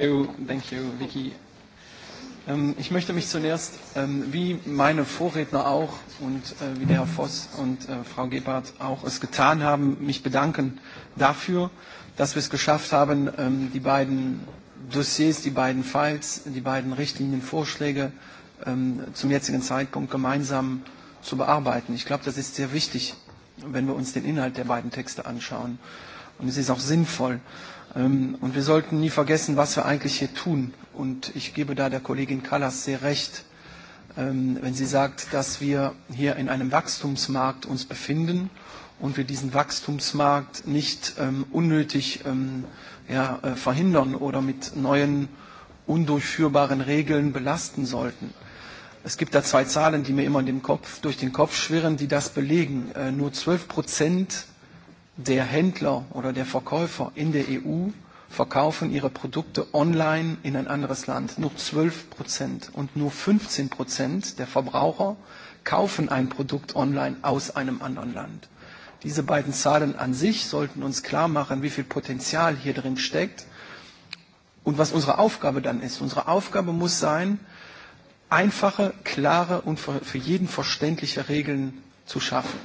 Thank you, thank you Vicky. Ähm, ich möchte mich zunächst, ähm, wie meine Vorredner auch und äh, wie der Herr Voss und äh, Frau Gebhardt auch es getan haben, mich bedanken dafür, dass wir es geschafft haben, ähm, die beiden Dossiers, die beiden Files, die beiden Richtlinienvorschläge ähm, zum jetzigen Zeitpunkt gemeinsam zu bearbeiten. Ich glaube, das ist sehr wichtig, wenn wir uns den Inhalt der beiden Texte anschauen. Und es ist auch sinnvoll. Äh, Ähm, und wir sollten nie vergessen, was wir eigentlich hier tun. Und ich gebe da der Kollegin Kallas sehr recht, ähm, wenn sie sagt, dass wir hier in einem Wachstumsmarkt uns befinden und wir diesen Wachstumsmarkt nicht ähm, unnötig ähm, ja, äh, verhindern oder mit neuen undurchführbaren Regeln belasten sollten. Es gibt da zwei Zahlen, die mir immer den Kopf, durch den Kopf schwirren, die das belegen. Äh, nur 12 Prozent der Händler oder der Verkäufer in der EU verkaufen ihre Produkte online in ein anderes Land. Nur 12 Prozent und nur 15 Prozent der Verbraucher kaufen ein Produkt online aus einem anderen Land. Diese beiden Zahlen an sich sollten uns klar machen, wie viel Potenzial hier drin steckt und was unsere Aufgabe dann ist. Unsere Aufgabe muss sein, einfache, klare und für jeden verständliche Regeln zu schaffen.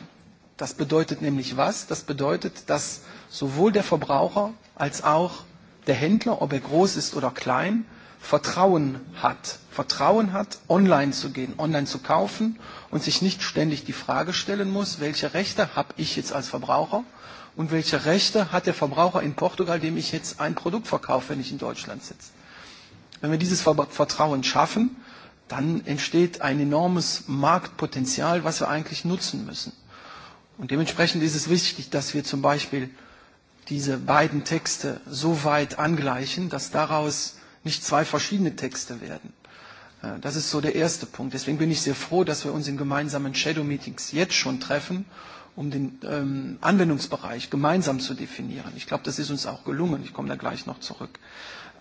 Das bedeutet nämlich was? Das bedeutet, dass sowohl der Verbraucher als auch der Händler, ob er groß ist oder klein, Vertrauen hat. Vertrauen hat, online zu gehen, online zu kaufen und sich nicht ständig die Frage stellen muss, welche Rechte habe ich jetzt als Verbraucher und welche Rechte hat der Verbraucher in Portugal, dem ich jetzt ein Produkt verkaufe, wenn ich in Deutschland sitze. Wenn wir dieses Vertrauen schaffen, dann entsteht ein enormes Marktpotenzial, was wir eigentlich nutzen müssen. Und dementsprechend ist es wichtig, dass wir zum Beispiel diese beiden Texte so weit angleichen, dass daraus nicht zwei verschiedene Texte werden. Äh, das ist so der erste Punkt. Deswegen bin ich sehr froh, dass wir uns in gemeinsamen Shadow-Meetings jetzt schon treffen, um den ähm, Anwendungsbereich gemeinsam zu definieren. Ich glaube, das ist uns auch gelungen. Ich komme da gleich noch zurück.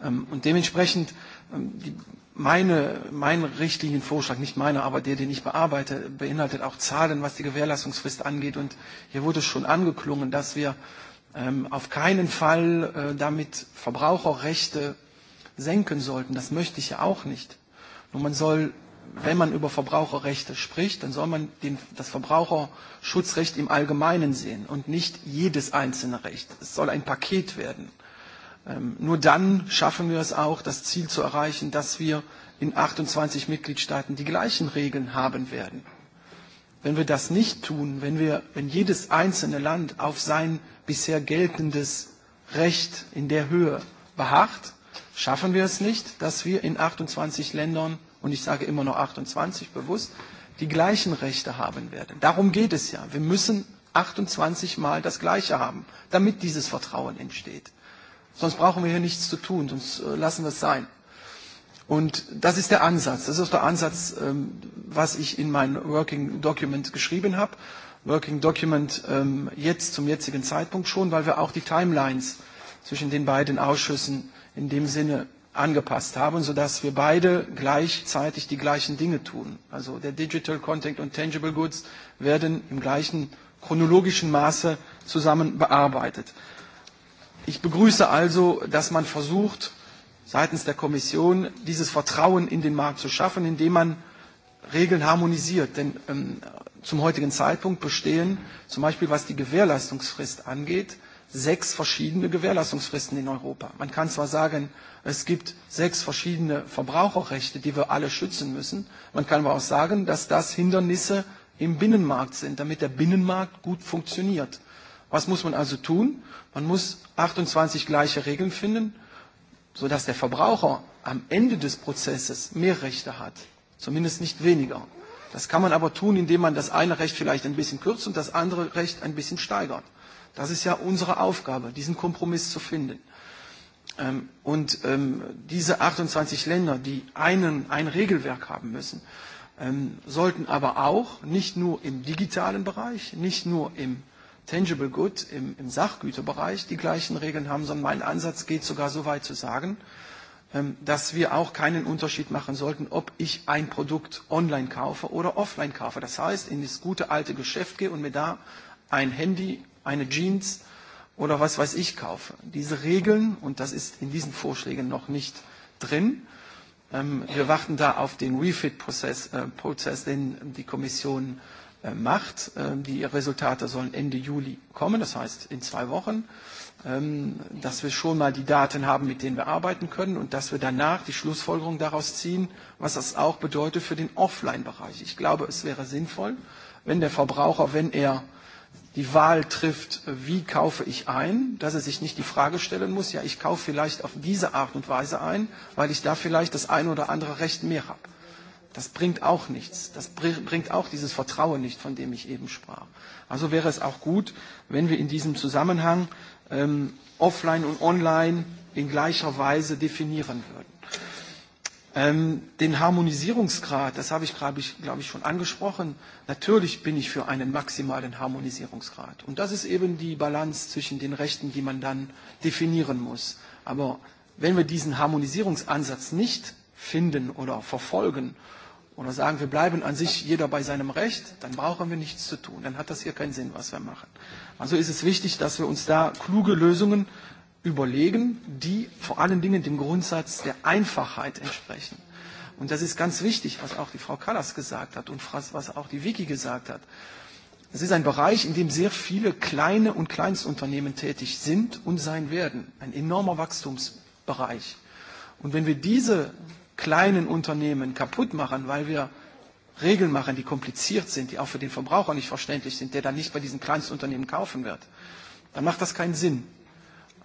Ähm, und dementsprechend, ähm, die meine, mein Richtlinienvorschlag, nicht meiner, aber der, den ich bearbeite, beinhaltet auch Zahlen, was die Gewährleistungsfrist angeht. Und hier wurde schon angeklungen, dass wir ähm, auf keinen Fall äh, damit Verbraucherrechte senken sollten. Das möchte ich ja auch nicht. Nur man soll, wenn man über Verbraucherrechte spricht, dann soll man den, das Verbraucherschutzrecht im Allgemeinen sehen und nicht jedes einzelne Recht. Es soll ein Paket werden. Ähm, nur dann schaffen wir es auch, das Ziel zu erreichen, dass wir in 28 Mitgliedstaaten die gleichen Regeln haben werden. Wenn wir das nicht tun, wenn, wir, wenn jedes einzelne Land auf sein bisher geltendes Recht in der Höhe beharrt, schaffen wir es nicht, dass wir in 28 Ländern, und ich sage immer noch 28 bewusst, die gleichen Rechte haben werden. Darum geht es ja. Wir müssen 28 Mal das Gleiche haben, damit dieses Vertrauen entsteht. Sonst brauchen wir hier nichts zu tun, sonst äh, lassen wir es sein. Und das ist der Ansatz. Das ist der Ansatz, ähm, was ich in mein Working Document geschrieben habe. Working Document ähm, jetzt zum jetzigen Zeitpunkt schon, weil wir auch die Timelines zwischen den beiden Ausschüssen in dem Sinne angepasst haben, sodass wir beide gleichzeitig die gleichen Dinge tun. Also der Digital Content und Tangible Goods werden im gleichen chronologischen Maße zusammen bearbeitet. Ich begrüße also, dass man versucht, seitens der Kommission dieses Vertrauen in den Markt zu schaffen, indem man Regeln harmonisiert. Denn ähm, zum heutigen Zeitpunkt bestehen, zum Beispiel was die Gewährleistungsfrist angeht, sechs verschiedene Gewährleistungsfristen in Europa. Man kann zwar sagen, es gibt sechs verschiedene Verbraucherrechte, die wir alle schützen müssen. Man kann aber auch sagen, dass das Hindernisse im Binnenmarkt sind, damit der Binnenmarkt gut funktioniert. Was muss man also tun? Man muss 28 gleiche Regeln finden, sodass der Verbraucher am Ende des Prozesses mehr Rechte hat, zumindest nicht weniger. Das kann man aber tun, indem man das eine Recht vielleicht ein bisschen kürzt und das andere Recht ein bisschen steigert. Das ist ja unsere Aufgabe, diesen Kompromiss zu finden. Ähm, und ähm, diese 28 Länder, die einen, ein Regelwerk haben müssen, ähm, sollten aber auch nicht nur im digitalen Bereich, nicht nur im Tangible Good im, im Sachgüterbereich die gleichen Regeln haben, sondern mein Ansatz geht sogar so weit zu sagen, ähm, dass wir auch keinen Unterschied machen sollten, ob ich ein Produkt online kaufe oder offline kaufe. Das heißt, in das gute alte Geschäft gehe und mir da ein Handy, eine Jeans oder was weiß ich kaufe. Diese Regeln, und das ist in diesen Vorschlägen noch nicht drin, ähm, wir warten da auf den Refit-Prozess, äh, Prozess, den die Kommission Äh, macht. Ähm, die Resultate sollen Ende Juli kommen, das heißt in zwei Wochen, ähm, dass wir schon mal die Daten haben, mit denen wir arbeiten können und dass wir danach die Schlussfolgerung daraus ziehen, was das auch bedeutet für den Offline-Bereich. Ich glaube, es wäre sinnvoll, wenn der Verbraucher, wenn er die Wahl trifft, äh, wie kaufe ich ein, dass er sich nicht die Frage stellen muss, ja, ich kaufe vielleicht auf diese Art und Weise ein, weil ich da vielleicht das ein oder andere Recht mehr habe. Das bringt auch nichts. Das bringt auch dieses Vertrauen nicht, von dem ich eben sprach. Also wäre es auch gut, wenn wir in diesem Zusammenhang ähm, offline und online in gleicher Weise definieren würden. Ähm, den Harmonisierungsgrad, das habe ich, glaube ich, glaub ich, schon angesprochen. Natürlich bin ich für einen maximalen Harmonisierungsgrad. Und das ist eben die Balance zwischen den Rechten, die man dann definieren muss. Aber wenn wir diesen Harmonisierungsansatz nicht finden oder verfolgen, äh, oder sagen, wir bleiben an sich jeder bei seinem Recht, dann brauchen wir nichts zu tun. Dann hat das hier keinen Sinn, was wir machen. Also ist es wichtig, dass wir uns da kluge Lösungen überlegen, die vor allen Dingen dem Grundsatz der Einfachheit entsprechen. Und das ist ganz wichtig, was auch die Frau Kallas gesagt hat und was auch die Vicky gesagt hat. Es ist ein Bereich, in dem sehr viele kleine und Kleinstunternehmen tätig sind und sein werden. Ein enormer Wachstumsbereich. Und wenn wir diese kleinen Unternehmen kaputt machen, weil wir Regeln machen, die kompliziert sind, die auch für den Verbraucher nicht verständlich sind, der dann nicht bei diesen Kleinstunternehmen kaufen wird, dann macht das keinen Sinn.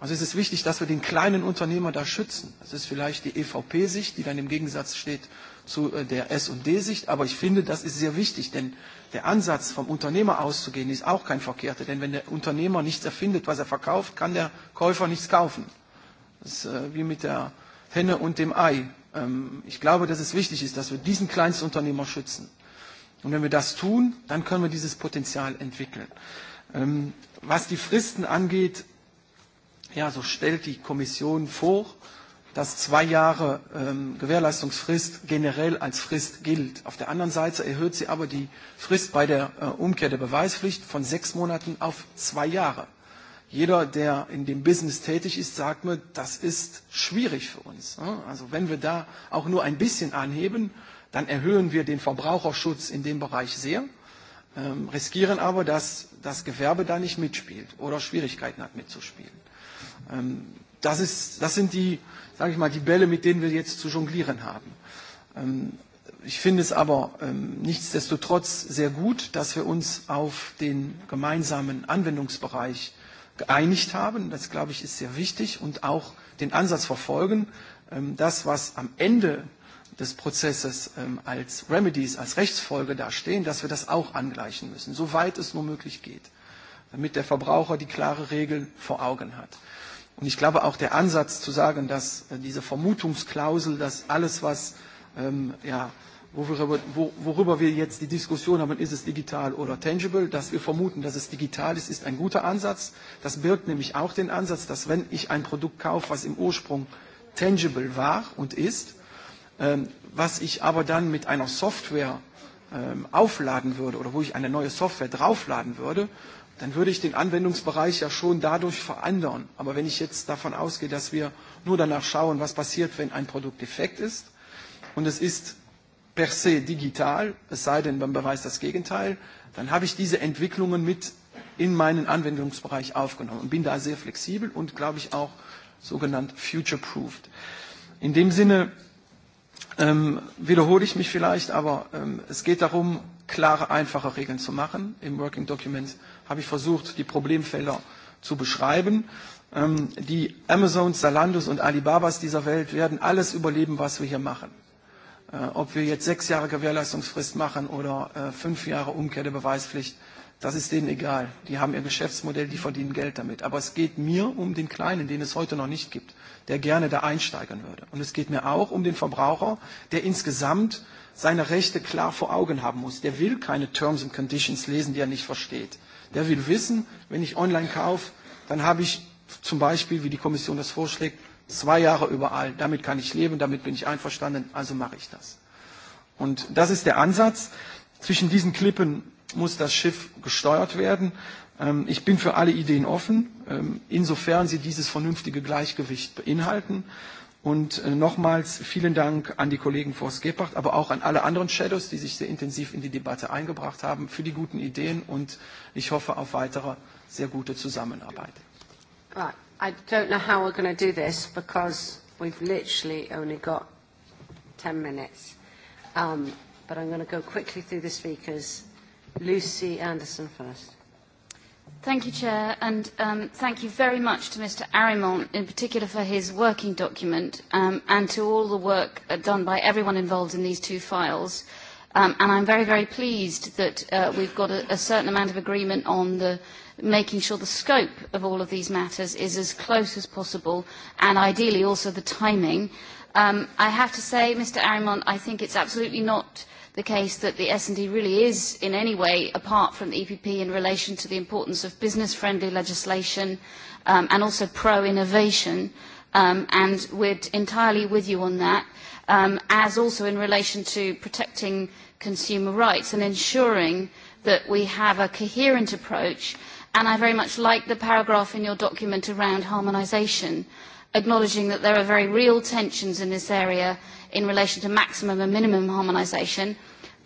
Also es ist wichtig, dass wir den kleinen Unternehmer da schützen. Das ist vielleicht die EVP-Sicht, die dann im Gegensatz steht zu äh, der S&D-Sicht. Aber ich finde, das ist sehr wichtig, denn der Ansatz, vom Unternehmer auszugehen, ist auch kein verkehrter. Denn wenn der Unternehmer nichts erfindet, was er verkauft, kann der Käufer nichts kaufen. Das ist äh, wie mit der Henne und dem Ei. Ähm, ich glaube, dass es wichtig ist, dass wir diesen Kleinstunternehmer schützen. Und wenn wir das tun, dann können wir dieses Potenzial entwickeln. Ähm, was die Fristen angeht, ja, so stellt die Kommission vor, dass zwei Jahre ähm, Gewährleistungsfrist generell als Frist gilt. Auf der anderen Seite erhöht sie aber die Frist bei der äh, Umkehr der Beweispflicht von sechs Monaten auf zwei Jahre jeder, der in dem Business tätig ist, sagt mir, das ist schwierig für uns. Also wenn wir da auch nur ein bisschen anheben, dann erhöhen wir den Verbraucherschutz in dem Bereich sehr, ähm, riskieren aber, dass das Gewerbe da nicht mitspielt oder Schwierigkeiten hat mitzuspielen. Ähm, das, ist, das sind die, sage ich mal, die Bälle, mit denen wir jetzt zu jonglieren haben. Ähm, ich finde es aber ähm, nichtsdestotrotz sehr gut, dass wir uns auf den gemeinsamen Anwendungsbereich äh, geeinigt haben. Das, glaube ich, ist sehr wichtig und auch den Ansatz verfolgen, ähm, das, was am Ende des Prozesses ähm, als Remedies, als Rechtsfolge dastehen, dass wir das auch angleichen müssen, soweit es nur möglich geht, damit der Verbraucher die klare Regel vor Augen hat. Und ich glaube auch der Ansatz zu sagen, dass äh, diese Vermutungsklausel, dass alles, was ähm, ja, äh, worüber wir jetzt die Diskussion haben, ist es digital oder tangible. Dass wir vermuten, dass es digital ist, ist ein guter Ansatz. Das birgt nämlich auch den Ansatz, dass wenn ich ein Produkt kaufe, was im Ursprung tangible war und ist, ähm, was ich aber dann mit einer Software ähm, aufladen würde oder wo ich eine neue Software draufladen würde, dann würde ich den Anwendungsbereich ja schon dadurch verändern. Aber wenn ich jetzt davon ausgehe, dass wir nur danach schauen, was passiert, wenn ein Produkt defekt ist und es ist per se digital, es sei denn, man beweist das Gegenteil, dann habe ich diese Entwicklungen mit in meinen Anwendungsbereich aufgenommen und bin da sehr flexibel und, glaube ich, auch sogenannt future-proofed. In dem Sinne ähm, wiederhole ich mich vielleicht, aber ähm, es geht darum, klare, einfache Regeln zu machen. Im Working Document habe ich versucht, die Problemfelder zu beschreiben. Ähm, die Amazons, Zalandos und Alibabas dieser Welt werden alles überleben, was wir hier machen. Äh, ob wir jetzt sechs Jahre Gewährleistungsfrist machen oder äh, fünf Jahre Umkehr der Beweispflicht, das ist denen egal. Die haben ihr Geschäftsmodell, die verdienen Geld damit. Aber es geht mir um den Kleinen, den es heute noch nicht gibt, der gerne da einsteigen würde. Und es geht mir auch um den Verbraucher, der insgesamt seine Rechte klar vor Augen haben muss. Der will keine Terms and Conditions lesen, die er nicht versteht. Der will wissen, wenn ich online kaufe, dann habe ich zum Beispiel, wie die Kommission das vorschlägt, zwei Jahre überall, damit kann ich leben, damit bin ich einverstanden, also mache ich das. Und das ist der Ansatz. Zwischen diesen Klippen muss das Schiff gesteuert werden. Ähm, ich bin für alle Ideen offen, ähm, insofern sie dieses vernünftige Gleichgewicht beinhalten. Und äh, nochmals vielen Dank an die Kollegen Forst Gebhardt, aber auch an alle anderen Shadows, die sich sehr intensiv in die Debatte eingebracht haben, für die guten Ideen und ich hoffe auf weitere sehr gute Zusammenarbeit. Ah, I don't know how we're going to do this because we've literally only got 10 minutes. Um, but I'm going to go quickly through the speakers. Lucy Anderson first. Thank you, Chair, and um, thank you very much to Mr. Arimont in particular for his working document um, and to all the work uh, done by everyone involved in these two files. Um, and I'm very, very pleased that uh, we've got a, a certain amount of agreement on the making sure the scope of all of these matters is as close as possible and ideally also the timing. Um, I have to say, Mr. Arimont, I think it's absolutely not the case that the S&D really is in any way apart from the EPP in relation to the importance of business-friendly legislation um, and also pro-innovation. Um, and we're entirely with you on that, um, as also in relation to protecting consumer rights and ensuring that we have a coherent approach and I very much like the paragraph in your document around harmonisation, acknowledging that there are very real tensions in this area in relation to maximum and minimum harmonisation.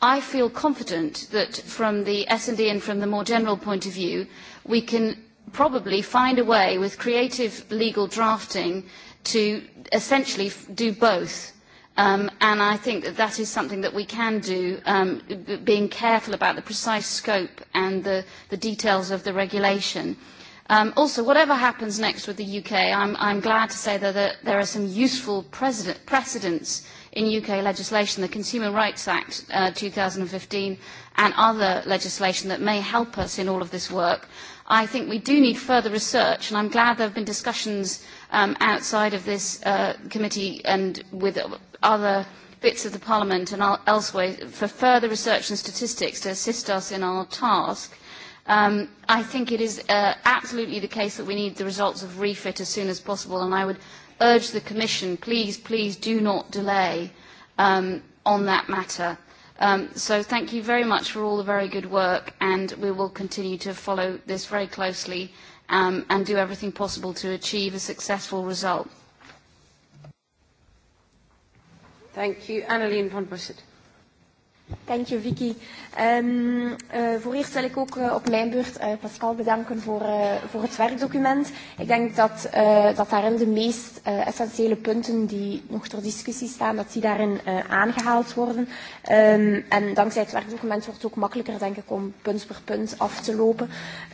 I feel confident that from the S&D and from the more general point of view, we can probably find a way with creative legal drafting to essentially do both Um, and I think that that is something that we can do, um, being careful about the precise scope and the, the details of the regulation. Um, also, whatever happens next with the UK, I'm, I'm glad to say that, that there are some useful precedent, precedents in UK legislation, the Consumer Rights Act uh, 2015 and other legislation that may help us in all of this work. I think we do need further research, and I'm glad there have been discussions um, outside of this uh, committee and with other bits of the Parliament and elsewhere for further research and statistics to assist us in our task. Um, I think it is uh, absolutely the case that we need the results of refit as soon as possible, and I would urge the Commission, please, please do not delay um, on that matter. Um, so thank you very much for all the very good work, and we will continue to follow this very closely um, and do everything possible to achieve a successful result. Thank you. Annelien van Busset. Thank you, Vicky. Um, uh, voor eerst wil ik ook uh, op mijn beurt uh, Pascal bedanken voor, uh, voor het werkdocument. Ik denk dat, uh, dat daarin de meest uh, essentiële punten die nog ter discussie staan, dat die daarin uh, aangehaald worden. Um, en dankzij het werkdocument wordt het ook makkelijker, denk ik, om punt per punt af te lopen.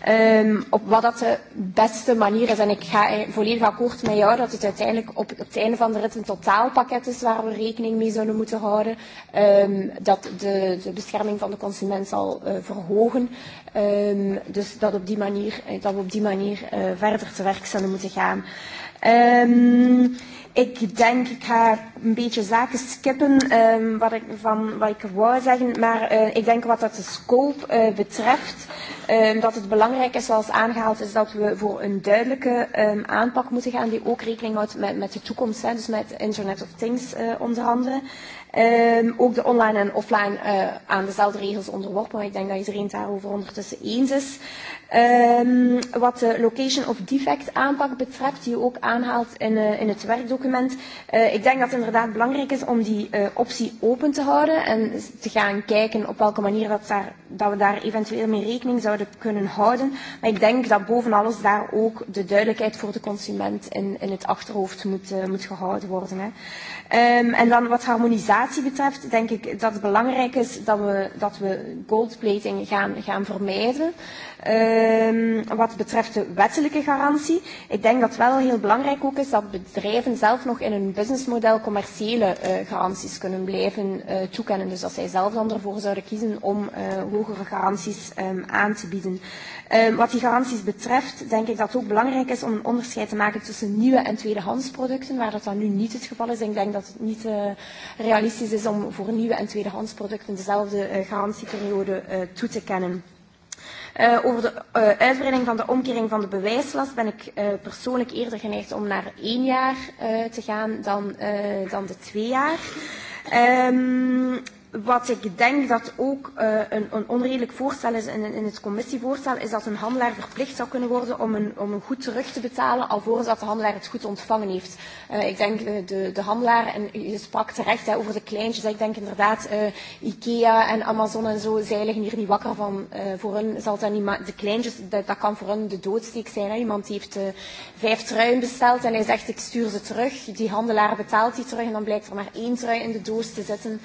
Um, op wat dat de beste manier is, en ik ga er volledig akkoord met jou, dat het uiteindelijk op, op het einde van de rit een totaalpakket is waar we rekening mee zouden moeten houden. Um, dat de, de bescherming van de consument zal uh, verhogen. Um, dus dat, op die manier, eh, dat we op die manier uh, verder te werk zullen moeten gaan. Um, ik denk, ik ga een beetje zaken skippen um, wat, ik, van, wat ik wou zeggen. Maar uh, ik denk wat dat de scope uh, betreft, um, dat het belangrijk is, zoals aangehaald is, dat we voor een duidelijke um, aanpak moeten gaan die ook rekening houdt met, met de toekomst. Hè, dus met Internet of Things uh, onder andere. Um, ook de online en offline uh, aan dezelfde regels onderworpen. Maar ik denk dat iedereen het daarover ondertussen eens is. Um, wat de location of defect aanpak betreft, die u ook aanhaalt in, uh, in het werkdocument. Uh, ik denk dat het inderdaad belangrijk is om die uh, optie open te houden en te gaan kijken op welke manier dat, daar, dat we daar eventueel mee rekening zouden kunnen houden. Maar ik denk dat boven alles daar ook de duidelijkheid voor de consument in, in het achterhoofd moet, uh, moet gehouden worden. Hè. Um, en dan wat harmonisatie betreft, denk ik dat het belangrijk is dat we, dat we goldplating gaan, gaan vermijden. Uh, Um, wat betreft de wettelijke garantie, ik denk dat wel heel belangrijk ook is dat bedrijven zelf nog in hun businessmodel commerciële uh, garanties kunnen blijven uh, toekennen. Dus dat zij zelf dan ervoor zouden kiezen om uh, hogere garanties um, aan te bieden. Um, wat die garanties betreft, denk ik dat het ook belangrijk is om een onderscheid te maken tussen nieuwe en tweedehands producten, waar dat dan nu niet het geval is. Ik denk dat het niet uh, realistisch is om voor nieuwe en tweedehands producten dezelfde uh, garantieperiode uh, toe te kennen. Uh, over de uh, uitbreiding van de omkering van de bewijslast ben ik uh, persoonlijk eerder geneigd om naar één jaar uh, te gaan dan, uh, dan de twee jaar. Um, Wat ik denk dat ook uh, een, een onredelijk voorstel is in, in het commissievoorstel, is dat een handelaar verplicht zou kunnen worden om een, om een goed terug te betalen, alvorens dat de handelaar het goed ontvangen heeft. Uh, ik denk de, eh, de, de handelaar, en je sprak terecht hè, over de kleintjes, ik denk inderdaad uh, Ikea en Amazon en zo, zij liggen hier niet wakker van. Uh, voor hun zal dat niet, maar de kleintjes, dat, dat kan voor hun de doodsteek zijn. Hè. Iemand heeft uh, vijf truien besteld en hij zegt ik stuur ze terug. Die handelaar betaalt die terug en dan blijkt er maar één trui in de doos te zitten.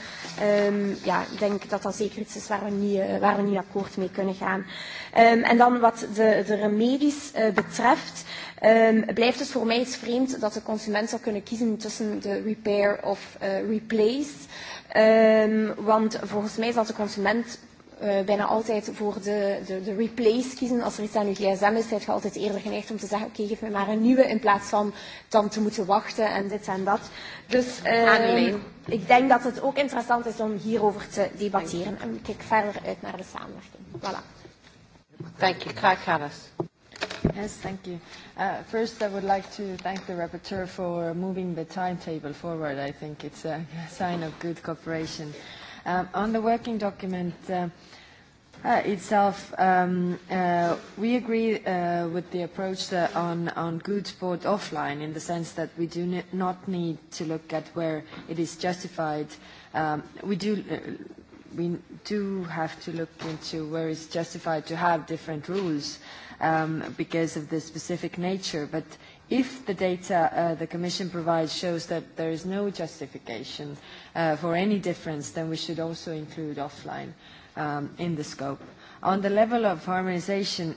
Um, um, ja, ik denk dat dat zeker iets is waar we niet, uh, waar we niet akkoord mee kunnen gaan. Um, en dan wat de, de remedies uh, betreft, um, blijft het voor mij iets vreemd dat de consument zou kunnen kiezen tussen de repair of uh, replace. Um, want volgens mij zal de consument uh, bijna altijd voor de, de, de replace kiezen. Als er iets aan uw gsm is, zijt je altijd eerder geneigd om te zeggen, oké, okay, geef me maar een nieuwe, in plaats van dan te moeten wachten en dit en dat. Dus uh, ik denk dat het ook interessant is om hierover te debatteren. En ik kijk verder uit naar de samenwerking. Voilà. Thank you. Graag gedaan. Yes, thank you. Uh, first, I would like to thank the rapporteur for moving the timetable forward. I think it's a sign of good cooperation. Um, on the working document, uh, uh, itself, um, uh, we agree uh, with the approach uh, on, on goods bought offline in the sense that we do ne- not need to look at where it is justified. Um, we do. Uh, we do have to look into where it's justified to have different rules um, because of the specific nature. But if the data uh, the Commission provides shows that there is no justification uh, for any difference, then we should also include offline. Uh, um, in the scope. On the level of harmonization,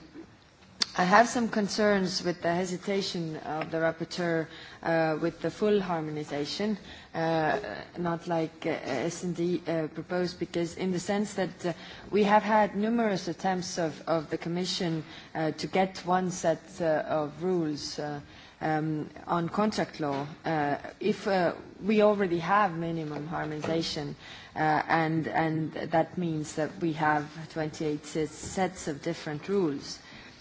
I have some concerns with the hesitation of the rapporteur uh, with the full harmonization, uh, not like uh, S&D uh, proposed, because in the sense that uh, we have had numerous attempts of, of the Commission uh, to get one set uh, of rules uh, um, on contract law. Uh, if uh, we already have minimum harmonization, uh, Uh, and, and that means that we have 28 sets of different rules.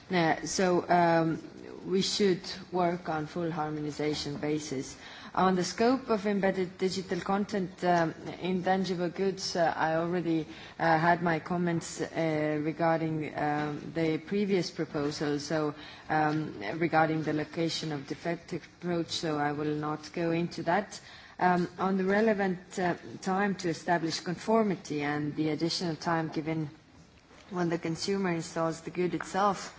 Uh, so um, we should work on full harmonization basis. On the scope of embedded digital content um, in tangible goods, uh, I already uh, had my comments uh, regarding um, the previous proposal, so um, regarding the location of defective approach, so I will not go into that. Uh, um, on the relevant uh, time to establish conformity and the additional time given when the consumer installs the good itself,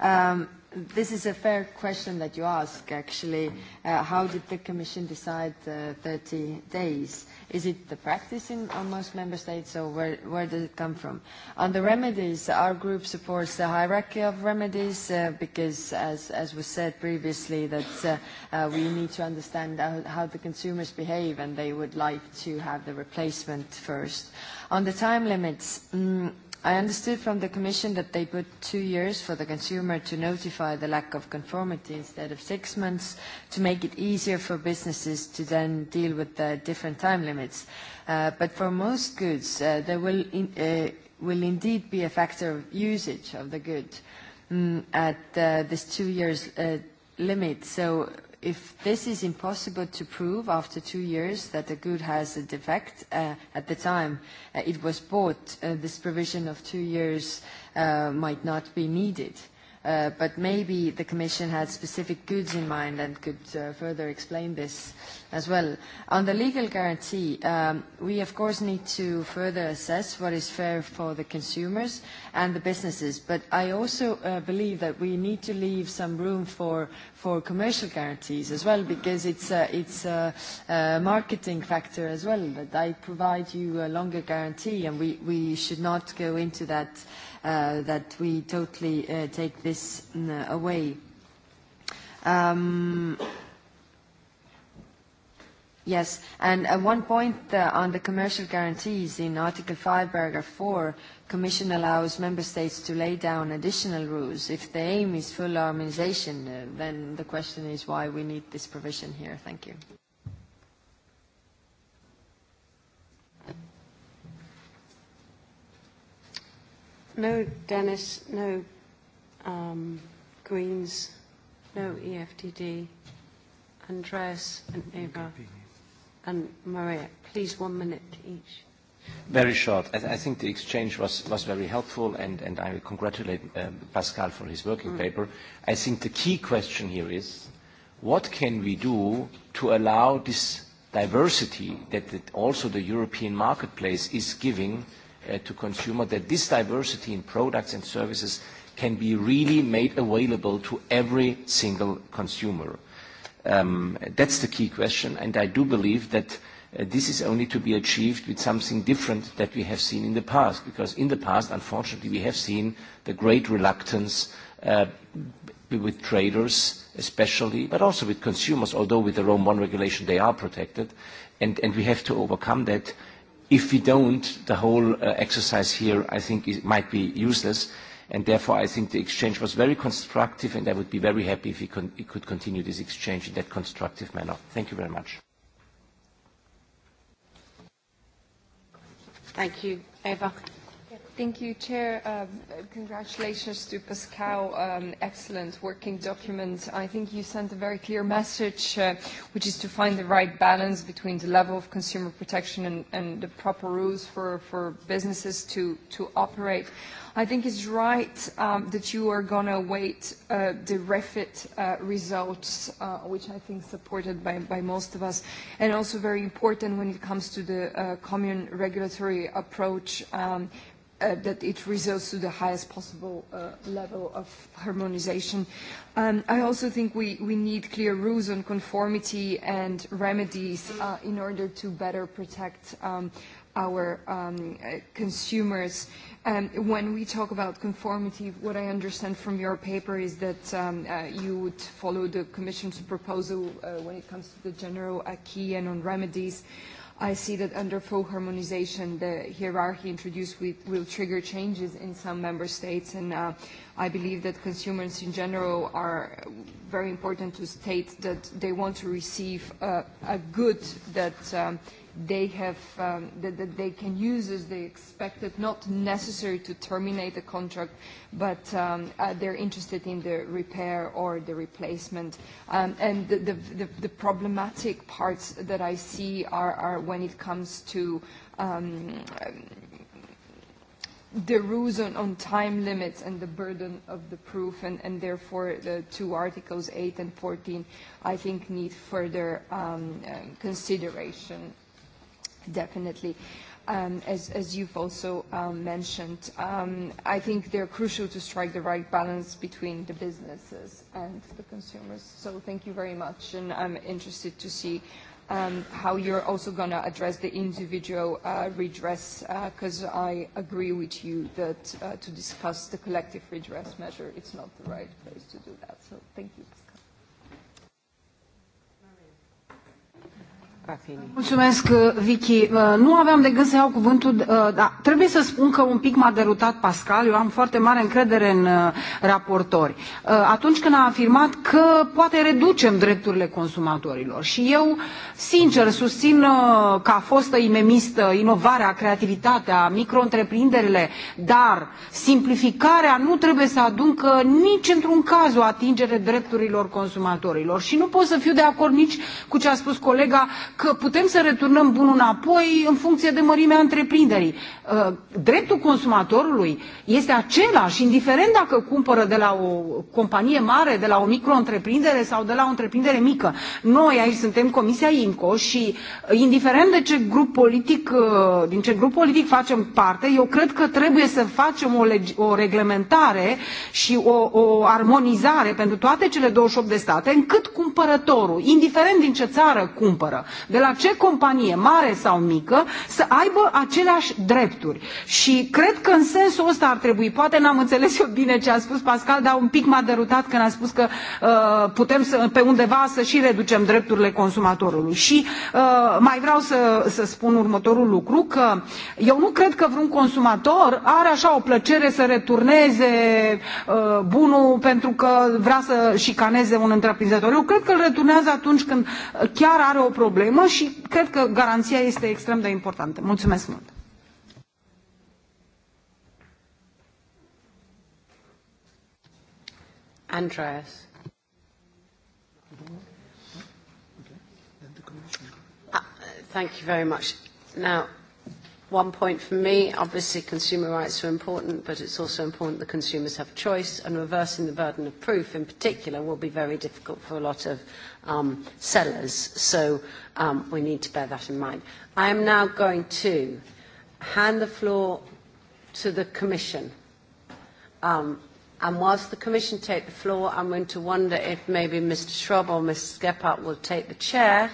um, this is a fair question that you ask, actually. Uh, how did the Commission decide uh, 30 days? Is it the practice in most member states, or where, where does it come from? On the remedies, our group supports the hierarchy of remedies uh, because, as, as was said previously, that uh, uh, we need to understand how, how the consumers behave, and they would like to have the replacement first. On the time limits, mm, I understood from the Commission that they put two years for the consumer to notify the lack of conformity instead of six months to make it easier for businesses to then deal with the different time limits. Uh, but for most goods, uh, there will, in, uh, will indeed be a factor of usage of the good um, at uh, this two years uh, limit. So if this is impossible to prove after two years that the good has a defect, uh, at the time uh, it was bought, uh, this provision of two years uh, might not be needed. Uh, Uh, but maybe the Commission had specific goods in mind and could uh, further explain this as well. On the legal guarantee, um, we of course need to further assess what is fair for the consumers and the businesses, but I also uh, believe that we need to leave some room for, for commercial guarantees as well, because it's a, it's a, a marketing factor as well, that I provide you a longer guarantee, and we, we should not go into that uh, uh, that we totally uh, take this uh, away. Um, Yes. And uh, one point uh, on the commercial guarantees in Article 5, Paragraph 4, Commission allows member states to lay down additional rules. If the aim is full harmonization, uh, then the question is why we need this provision here. Thank you. No Dennis, no um, Greens, no EFTD, Andreas and Eva and Maria. Please, one minute each. Very short. I, th I think the exchange was, was very helpful, and, and I congratulate um, Pascal for his working mm. paper. I think the key question here is, what can we do to allow this diversity that, that also the European marketplace is giving – uh, to consumer, that this diversity in products and services can be really made available to every single consumer. Um, that's the key question, and I do believe that uh, this is only to be achieved with something different that we have seen in the past, because in the past, unfortunately, we have seen the great reluctance uh, with traders especially, but also with consumers, although with the Rome 1 regulation they are protected, and, and we have to overcome that if we don't, the whole uh, exercise here, I think, is, might be useless. And therefore, I think the exchange was very constructive, and I would be very happy if we, con we could continue this exchange in that constructive manner. Thank you very much. Thank you, Eva. Thank you, Chair. Uh, congratulations to Pascal. Um, excellent working document. I think you sent a very clear message, uh, which is to find the right balance between the level of consumer protection and, and the proper rules for, for businesses to, to operate. I think it's right um, that you are going to await uh, the REFIT uh, results, uh, which I think supported by, by most of us, and also very important when it comes to the uh, common regulatory approach um, uh, that it results to the highest possible uh, level of harmonization. Um, I also think we, we need clear rules on conformity and remedies uh, in order to better protect um, our um, uh, consumers. Um, when we talk about conformity, what I understand from your paper is that um, uh, you would follow the Commission's proposal uh, when it comes to the general acquis and on remedies. Uh, I see that under full harmonization, the hierarchy introduced with, will trigger changes in some member states, and uh, I believe that consumers in general are very important to state that they want to receive uh, a good that um, they have um, that, that they can use as they expected, not necessary to terminate the contract, but um, uh, they're interested in the repair or the replacement. Um, and the, the, the, the problematic parts that I see are, are when it comes to um, the rules on, on time limits and the burden of the proof, and, and therefore the two articles, 8 and 14, I think need further um, um, consideration Definitely. Um, as, as you've also um, mentioned, um, I think they're crucial to strike the right balance between the businesses and the consumers. So thank you very much, and I'm interested to see um, how you're also going to address the individual uh, redress, because uh, I agree with you that uh, to discuss the collective redress measure, it's not the right place to do that. So thank you. Rafini. Mulțumesc, Vicky. Uh, nu aveam de gând să iau cuvântul, uh, dar trebuie să spun că un pic m-a derutat Pascal. Eu am foarte mare încredere în uh, raportori. Atunci când a afirmat că poate reducem drepturile consumatorilor și eu, sincer, susțin ca fostă imemistă inovarea, creativitatea, micro-întreprinderile, dar simplificarea nu trebuie să aduncă nici într-un caz o atingere drepturilor consumatorilor. Și nu pot să fiu de acord nici cu ce a spus colega că putem să returnăm bunul înapoi în funcție de mărimea întreprinderii. Uh, dreptul consumatorului este același, indiferent dacă cumpără de la o companie mare, de la o micro-întreprindere sau de la o întreprindere mică. Noi aici suntem Comisia IMCO și uh, indiferent de ce grup politic, uh, din ce grup politic facem parte, eu cred că trebuie să facem o, legi, o reglementare și o, o armonizare pentru toate cele 28 de state, încât cumpărătorul, indiferent din ce țară cumpără, de la ce companie, mare sau mică, să aibă aceleași drepturi. Și cred că în sensul ăsta ar trebui, poate n-am înțeles eu bine ce a spus Pascal, dar un pic m-a derutat când a spus că uh, putem să, pe undeva să și reducem drepturile consumatorului. Și uh, mai vreau să, să spun următorul lucru, că eu nu cred că vreun consumator are așa o plăcere să returneze uh, bunul pentru că vrea să șicaneze un întreprinzător. Eu cred că îl returnează atunci când uh, chiar are o problemă problemă și cred că garanția este extrem de importantă. Mulțumesc mult! Andreas. Uh, thank you very much. Now, One point from me, obviously consumer rights are important, but it's also important that consumers have choice, and reversing the burden of proof in particular will be very difficult for a lot of um, sellers, so um, we need to bear that in mind. I am now going to hand the floor to the Commission. Um, and whilst the Commission take the floor, I'm going to wonder if maybe Mr Schrob or Mrs Gephardt will take the chair.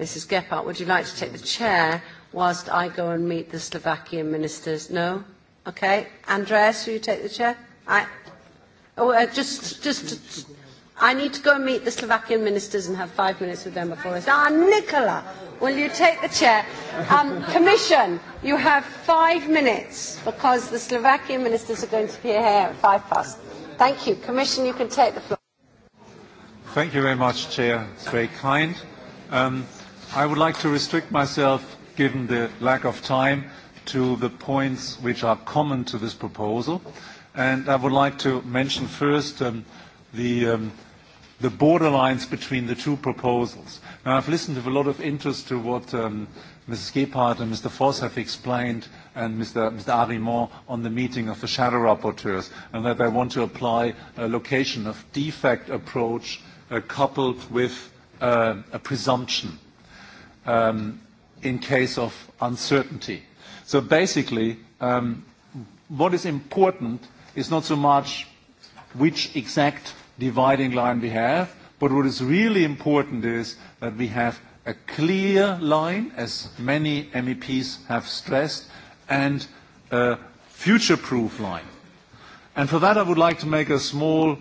Mrs Gephardt, would you like to take the chair? whilst I go and meet the Slovakian ministers? No? Okay. Andreas, will you take the chair? I, oh, uh, just, just, I need to go and meet the Slovakian ministers and have five minutes with them before us. Ah, Nicola, will you take the chair? Um, commission, you have five minutes because the Slovakian ministers are going to be here at five past. Thank you. Commission, you can take the floor. Thank you very much, Chair. It's very kind. Um, I would like to restrict myself given the lack of time, to the points which are common to this proposal. And I would like to mention first um, the, um, the borderlines between the two proposals. Now, I've listened with a lot of interest to what um, Mrs. Gebhardt and Mr. Voss have explained and Mr. Mr. Arimont on the meeting of the shadow rapporteurs, and that they want to apply a location of defect approach uh, coupled with uh, a presumption. Um, in case of uncertainty. So basically, um, what is important is not so much which exact dividing line we have, but what is really important is that we have a clear line, as many MEPs have stressed, and a future-proof line. And for that, I would like to make a small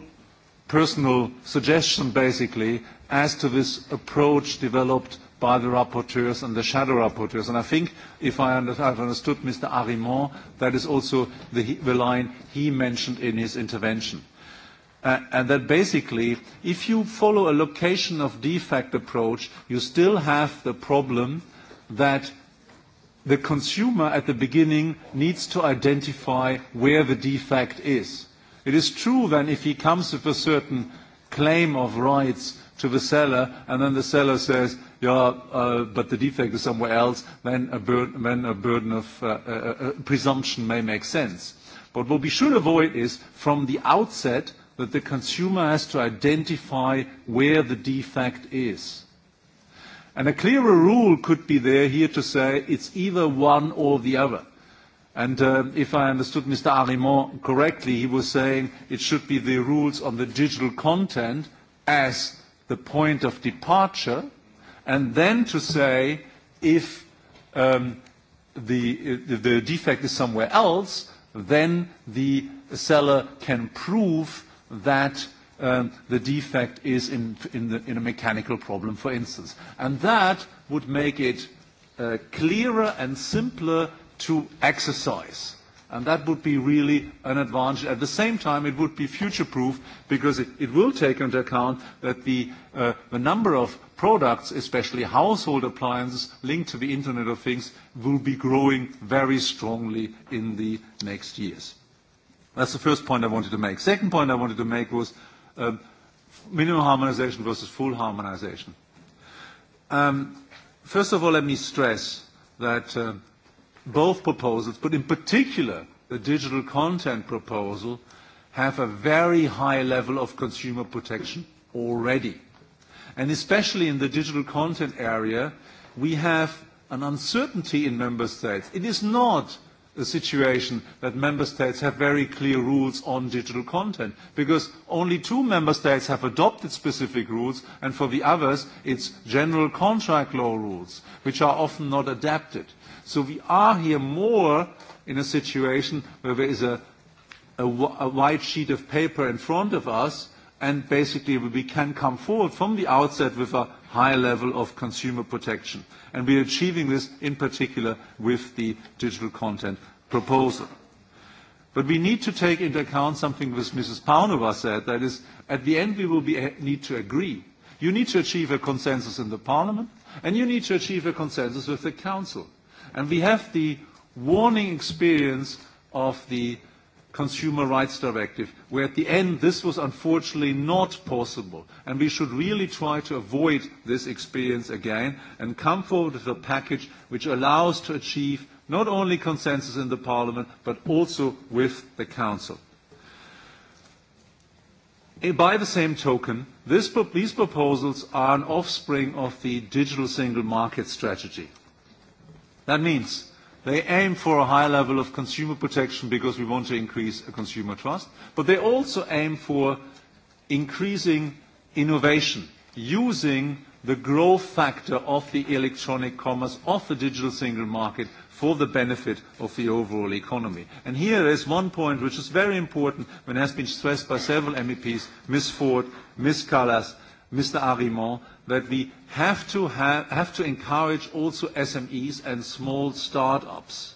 personal suggestion, basically, as to this approach developed by the rapporteurs and the shadow rapporteurs. And I think, if I under, I've understood Mr. Arimont, that is also the, the line he mentioned in his intervention. Uh, and that basically, if you follow a location of defect approach, you still have the problem that the consumer at the beginning needs to identify where the defect is. It is true then if he comes with a certain claim of rights to the seller, and then the seller says, yeah, uh, but the defect is somewhere else, then a, bur- then a burden of uh, uh, uh, presumption may make sense. But what we should avoid is from the outset that the consumer has to identify where the defect is. And a clearer rule could be there here to say it's either one or the other. And uh, if I understood Mr. Arimont correctly, he was saying it should be the rules on the digital content as the point of departure, and then to say if um, the, the defect is somewhere else, then the seller can prove that um, the defect is in, in, the, in a mechanical problem, for instance. And that would make it uh, clearer and simpler to exercise and that would be really an advantage. At the same time, it would be future-proof because it, it will take into account that the, uh, the number of products, especially household appliances linked to the Internet of Things, will be growing very strongly in the next years. That's the first point I wanted to make. Second point I wanted to make was um, minimum harmonization versus full harmonization. Um, first of all, let me stress that uh, both proposals, but in particular the digital content proposal, have a very high level of consumer protection already. And especially in the digital content area, we have an uncertainty in member states. It is not a situation that member states have very clear rules on digital content because only two member states have adopted specific rules and for the others it's general contract law rules which are often not adapted. So we are here more in a situation where there is a, a, a white sheet of paper in front of us, and basically we can come forward from the outset with a high level of consumer protection. And we're achieving this in particular with the digital content proposal. But we need to take into account something which Mrs. Paunova said, that is, at the end we will be, eh, need to agree. You need to achieve a consensus in the Parliament, and you need to achieve a consensus with the Council. And we have the warning experience of the Consumer Rights Directive, where at the end this was unfortunately not possible. And we should really try to avoid this experience again and come forward with a package which allows to achieve not only consensus in the Parliament, but also with the Council. Eh, by the same token, this, these proposals are an offspring of the digital single market strategy. That means they aim for a high level of consumer protection because we want to increase consumer trust, but they also aim for increasing innovation, using the growth factor of the electronic commerce, of the digital single market for the benefit of the overall economy. And here there's one point which is very important and has been stressed by several MEPs, Ms. Ford, Ms. Callas, Mr. Arimont, that we have to, have, have to encourage also SMEs and small startups.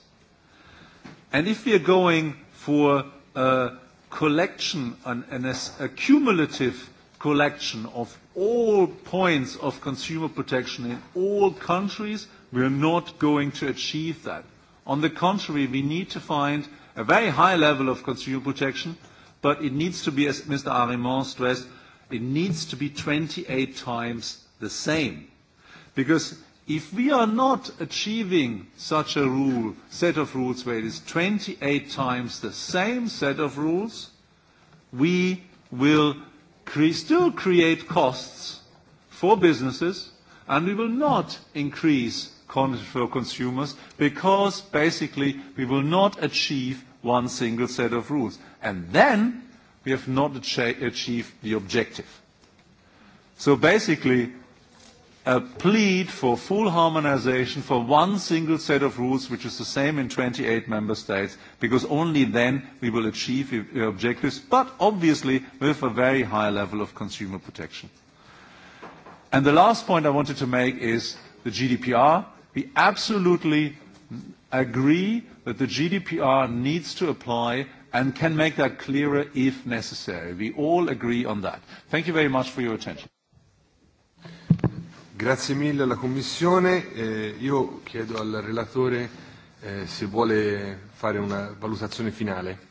And if we are going for a collection, an, an, a cumulative collection of all points of consumer protection in all countries, we are not going to achieve that. On the contrary, we need to find a very high level of consumer protection, but it needs to be, as Mr. Arimont stressed, it needs to be 28 times the same. Because if we are not achieving such a rule, set of rules where it is 28 times the same set of rules, we will cre- still create costs for businesses and we will not increase costs for consumers because basically we will not achieve one single set of rules. And then we have not achieved the objective. So basically, a plead for full harmonization for one single set of rules, which is the same in 28 member states, because only then we will achieve the objectives, but obviously with a very high level of consumer protection. And the last point I wanted to make is the GDPR. We absolutely agree that the GDPR needs to apply and can make that clearer if necessary. We all agree on that. Thank you very much for your attention. Grazie mille alla Commissione. Eh, io chiedo al relatore eh, se vuole fare una valutazione finale.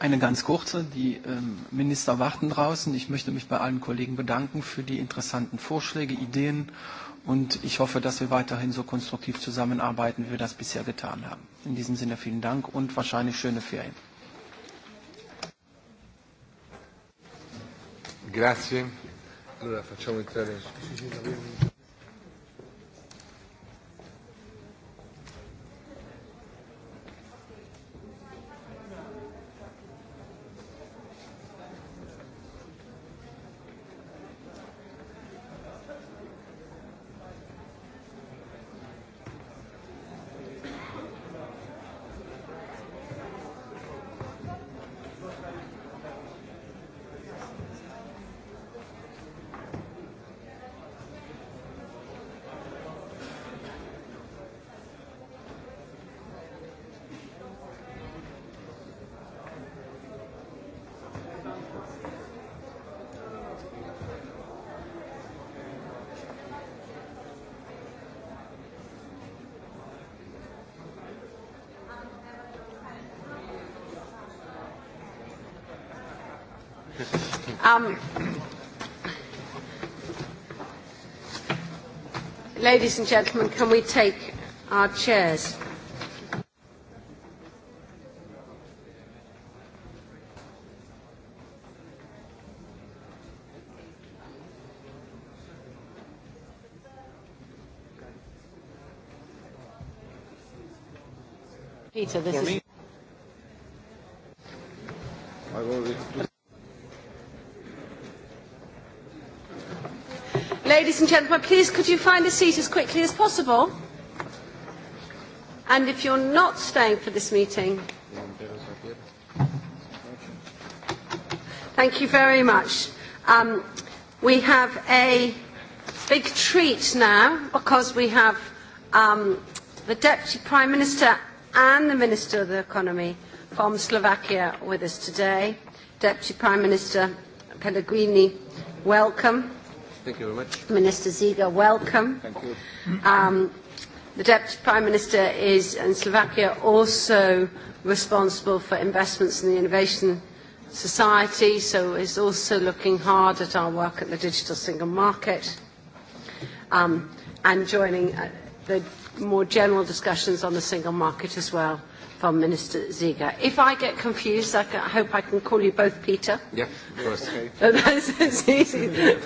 Eine ganz kurze. Die ähm, Minister warten draußen. Ich möchte mich bei allen Kollegen bedanken für die interessanten Vorschläge, Ideen Und ich hoffe, dass wir weiterhin so konstruktiv zusammenarbeiten, wie wir das bisher getan haben. In diesem Sinne vielen Dank und wahrscheinlich schöne Ferien. Grazie. Allora facciamo entrare. Ladies and gentlemen, can we take our chairs? Peter, this For is me? Ladies and gentlemen, please could you find a seat as quickly as possible? And if you're not staying for this meeting, thank you very much. Um, we have a big treat now because we have um, the Deputy Prime Minister and the Minister of the Economy from Slovakia with us today. Deputy Prime Minister Pellegrini, welcome. Thank you very much. Minister Ziga, welcome. Thank you. Um, the Deputy Prime Minister is in Slovakia also responsible for investments in the Innovation Society, so is also looking hard at our work at the digital single market um, and joining uh, the more general discussions on the single market as well from Minister Ziga. If I get confused, I, can, I hope I can call you both Peter. Yeah, of course. That's easy.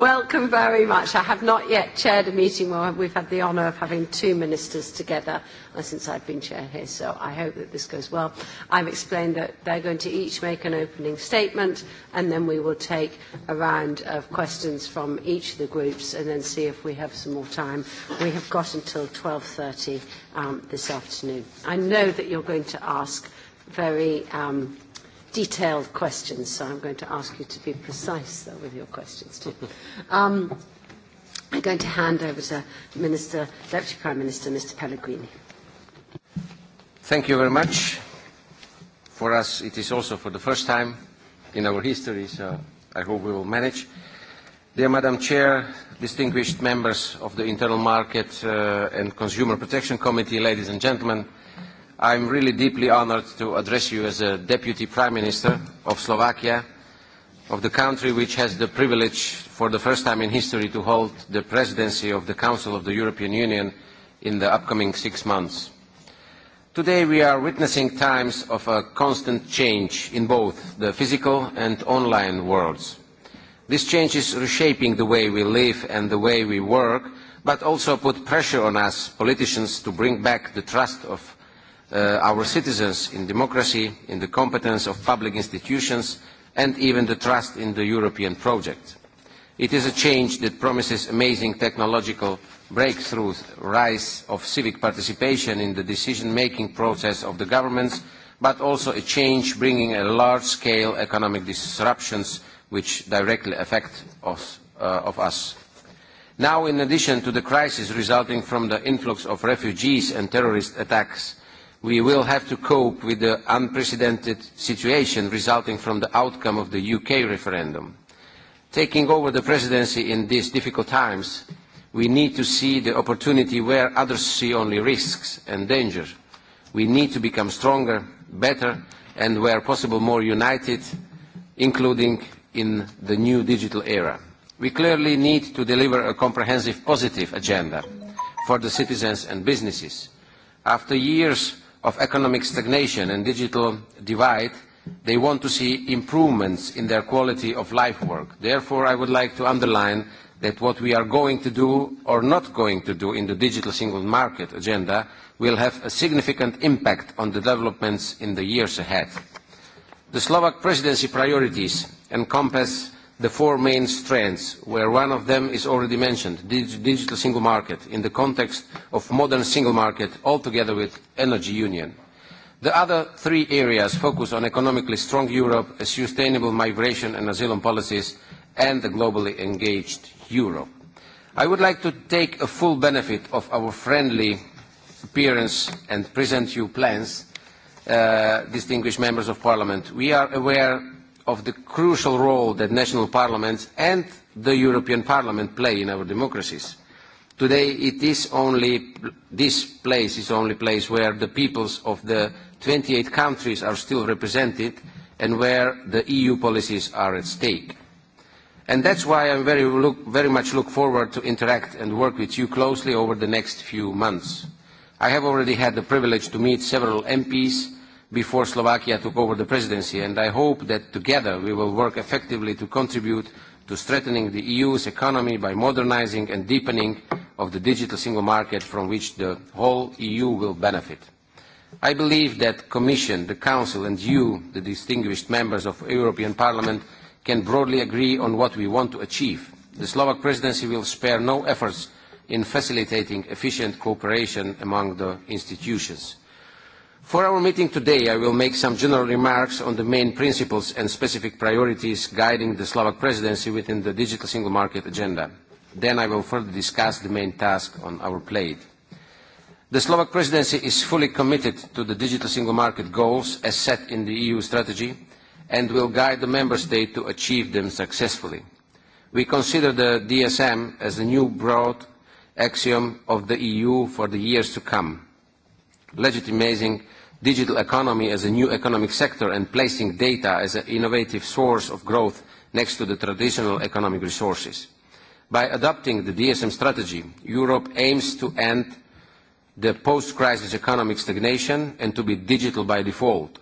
Welcome very much. I have not yet chaired a meeting where we've had the honour of having two ministers together uh, since I've been chair here, so I hope that this goes well. I've explained that they're going to each make an opening statement, and then we will take a round of questions from each of the groups and then see if we have some more time. We have got until 12.30 um, this afternoon. I know that you're going to ask very um, detailed questions, so I'm going to ask you to be precise though, with your questions too. Um, I'm going to hand over to Minister, Deputy Prime Minister, Mr. Pellegrini. Thank you very much. For us, it is also for the first time in our history, so I hope we will manage. Dear Madam Chair, distinguished members of the Internal Market uh, and Consumer Protection Committee, ladies and gentlemen, I'm really deeply honored to address you as a Deputy Prime Minister of Slovakia, of the country which has the privilege for the first time in history to hold the presidency of the Council of the European Union in the upcoming six months. Today we are witnessing times of a constant change in both the physical and online worlds. This change is reshaping the way we live and the way we work, but also put pressure on us politicians to bring back the trust of uh, our citizens in democracy, in the competence of public institutions, and even the trust in the European project. It is a change that promises amazing technological breakthroughs, rise of civic participation in the decision-making process of the governments, but also a change bringing a large-scale economic disruptions which directly affect us, uh, of us. Now, in addition to the crisis resulting from the influx of refugees and terrorist attacks, we will have to cope with the unprecedented situation resulting from the outcome of the UK referendum. Taking over the presidency in these difficult times, we need to see the opportunity where others see only risks and danger. We need to become stronger, better, and where possible more united, including in the new digital era. We clearly need to deliver a comprehensive positive agenda for the citizens and businesses. After years of economic stagnation and digital divide, they want to see improvements in their quality of life work. Therefore, I would like to underline that what we are going to do or not going to do in the digital single market agenda will have a significant impact on the developments in the years ahead. The Slovak presidency priorities encompass the four main strands, where one of them is already mentioned, dig digital single market, in the context of modern single market, altogether with energy union. The other three areas focus on economically strong Europe, a sustainable migration and asylum policies, and the globally engaged Europe. I would like to take a full benefit of our friendly appearance and present you plans uh, distinguished members of parliament, we are aware of the crucial role that national parliaments and the European Parliament play in our democracies. Today, it is only, this place is the only place where the peoples of the 28 countries are still represented and where the EU policies are at stake. And that's why I very, look, very much look forward to interact and work with you closely over the next few months. I have already had the privilege to meet several MPs before Slovakia took over the presidency, and I hope that together we will work effectively to contribute to strengthening the EU's economy by modernizing and deepening of the digital single market from which the whole EU will benefit. I believe that Commission, the Council and you, the distinguished members of European Parliament, can broadly agree on what we want to achieve. The Slovak presidency will spare no efforts in facilitating efficient cooperation among the institutions. For our meeting today, I will make some general remarks on the main principles and specific priorities guiding the Slovak presidency within the digital single market agenda. Then I will further discuss the main task on our plate. The Slovak presidency is fully committed to the digital single market goals as set in the EU strategy and will guide the member state to achieve them successfully. We consider the DSM as the new broad axiom of the EU for the years to come, legitimizing digital economy as a new economic sector and placing data as an innovative source of growth next to the traditional economic resources. By adopting the DSM strategy, Europe aims to end the post-crisis economic stagnation and to be digital by default.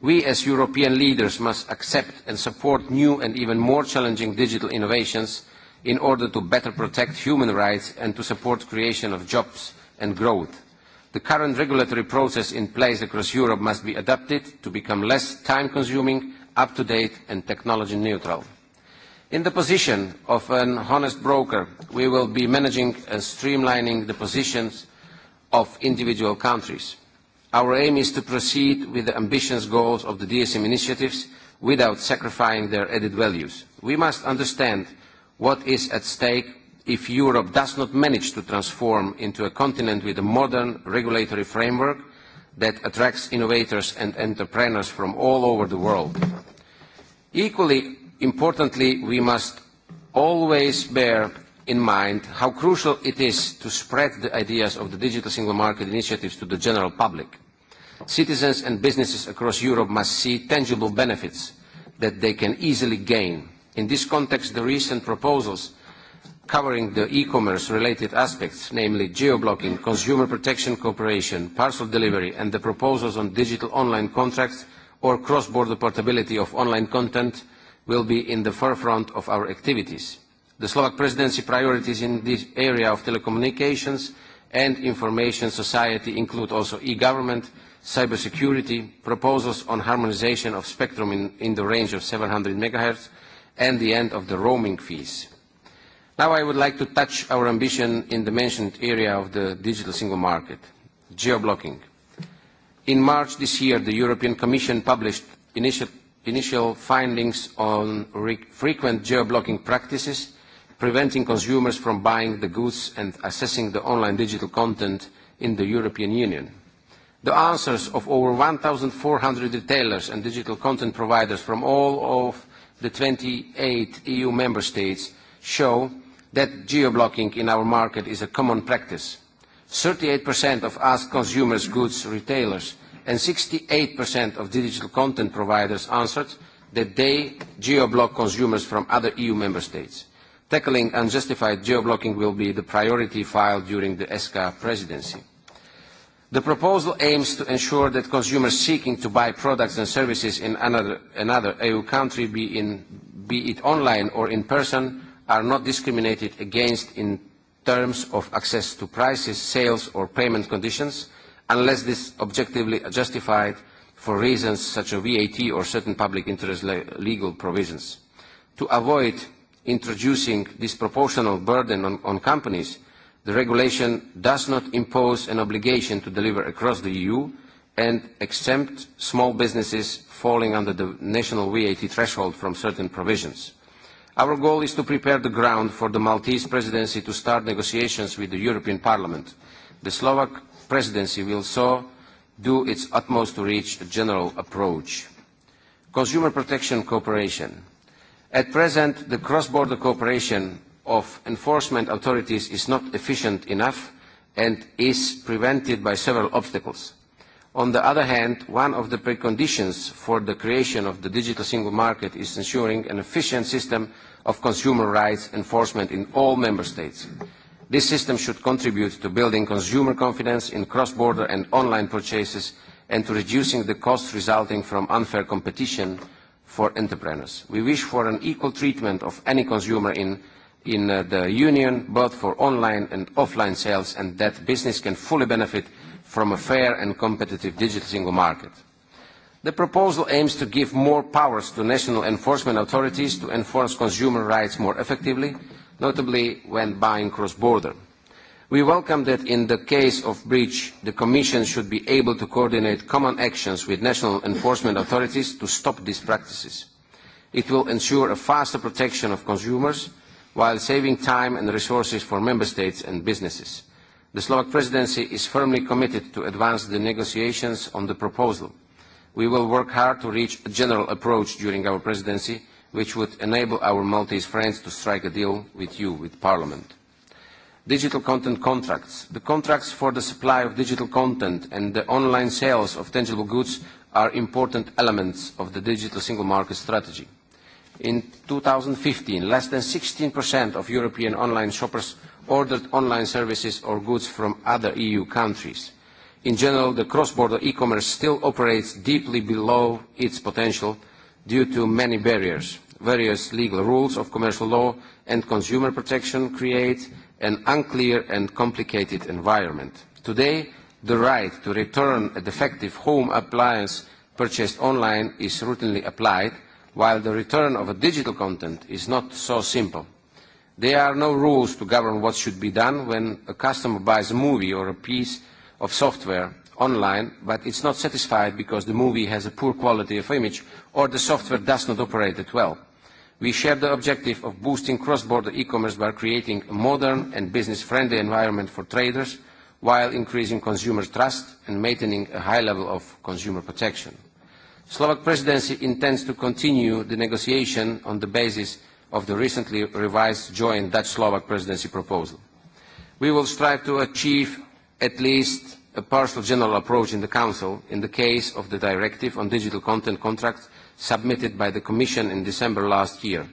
We as European leaders must accept and support new and even more challenging digital innovations in order to better protect human rights and to support creation of jobs and growth the current regulatory process in place across Europe must be adapted to become less time-consuming, up-to-date and technology neutral. In the position of an honest broker, we will be managing and streamlining the positions of individual countries. Our aim is to proceed with the ambitious goals of the DSM initiatives without sacrificing their added values. We must understand what is at stake if Europe does not manage to transform into a continent with a modern regulatory framework that attracts innovators and entrepreneurs from all over the world. Equally importantly, we must always bear in mind how crucial it is to spread the ideas of the digital single market initiatives to the general public. Citizens and businesses across Europe must see tangible benefits that they can easily gain. In this context, the recent proposals covering the e-commerce related aspects, namely geo-blocking, consumer protection cooperation, parcel delivery, and the proposals on digital online contracts or cross-border portability of online content, will be in the forefront of our activities. The Slovak presidency priorities in this area of telecommunications and information society include also e-government, cybersecurity, proposals on harmonization of spectrum in, in the range of 700 MHz, and the end of the roaming fees. Now I would like to touch our ambition in the mentioned area of the digital single market, geo-blocking. In March this year, the European Commission published initial, initial findings on frequent geo-blocking practices, preventing consumers from buying the goods and accessing the online digital content in the European Union. The answers of over 1,400 retailers and digital content providers from all of the 28 EU member states show that geo-blocking in our market is a common practice. 38% of asked consumers, goods retailers, and 68% of digital content providers answered that they geo-block consumers from other EU member states. Tackling unjustified geo-blocking will be the priority file during the ESCA presidency. The proposal aims to ensure that consumers seeking to buy products and services in another, another EU country, be, in, be it online or in person, are not discriminated against in terms of access to prices, sales or payment conditions unless this is objectively justified for reasons such as VAT or certain public interest le legal provisions. To avoid introducing disproportional burden on, on companies, the regulation does not impose an obligation to deliver across the EU and exempt small businesses falling under the national VAT threshold from certain provisions. Our goal is to prepare the ground for the Maltese presidency to start negotiations with the European Parliament. The Slovak presidency will so do its utmost to reach a general approach. Consumer protection cooperation. At present, the cross-border cooperation of enforcement authorities is not efficient enough and is prevented by several obstacles. On the other hand, one of the preconditions for the creation of the digital single market is ensuring an efficient system of consumer rights enforcement in all member states. This system should contribute to building consumer confidence in cross-border and online purchases and to reducing the costs resulting from unfair competition for entrepreneurs. We wish for an equal treatment of any consumer in, in uh, the Union, both for online and offline sales, and that business can fully benefit from from a fair and competitive digital single market. The proposal aims to give more powers to national enforcement authorities to enforce consumer rights more effectively, notably when buying cross-border. We welcome that in the case of breach, the Commission should be able to coordinate common actions with national enforcement authorities to stop these practices. It will ensure a faster protection of consumers while saving time and resources for member states and businesses. The Slovak presidency is firmly committed to advance the negotiations on the proposal. We will work hard to reach a general approach during our presidency, which would enable our Maltese friends to strike a deal with you, with Parliament. Digital content contracts. The contracts for the supply of digital content and the online sales of tangible goods are important elements of the digital single market strategy. In 2015, less than 16% of European online shoppers ordered online services or goods from other EU countries. In general, the cross-border e-commerce still operates deeply below its potential due to many barriers. Various legal rules of commercial law and consumer protection create an unclear and complicated environment. Today, the right to return a defective home appliance purchased online is routinely applied, while the return of a digital content is not so simple. There are no rules to govern what should be done when a customer buys a movie or a piece of software online, but it's not satisfied because the movie has a poor quality of image or the software does not operate it well. We share the objective of boosting cross-border e-commerce by creating a modern and business-friendly environment for traders while increasing consumer trust and maintaining a high level of consumer protection. Slovak presidency intends to continue the negotiation on the basis of the recently revised joint Dutch-Slovak presidency proposal. We will strive to achieve at least a partial general approach in the Council in the case of the directive on digital content contracts submitted by the Commission in December last year.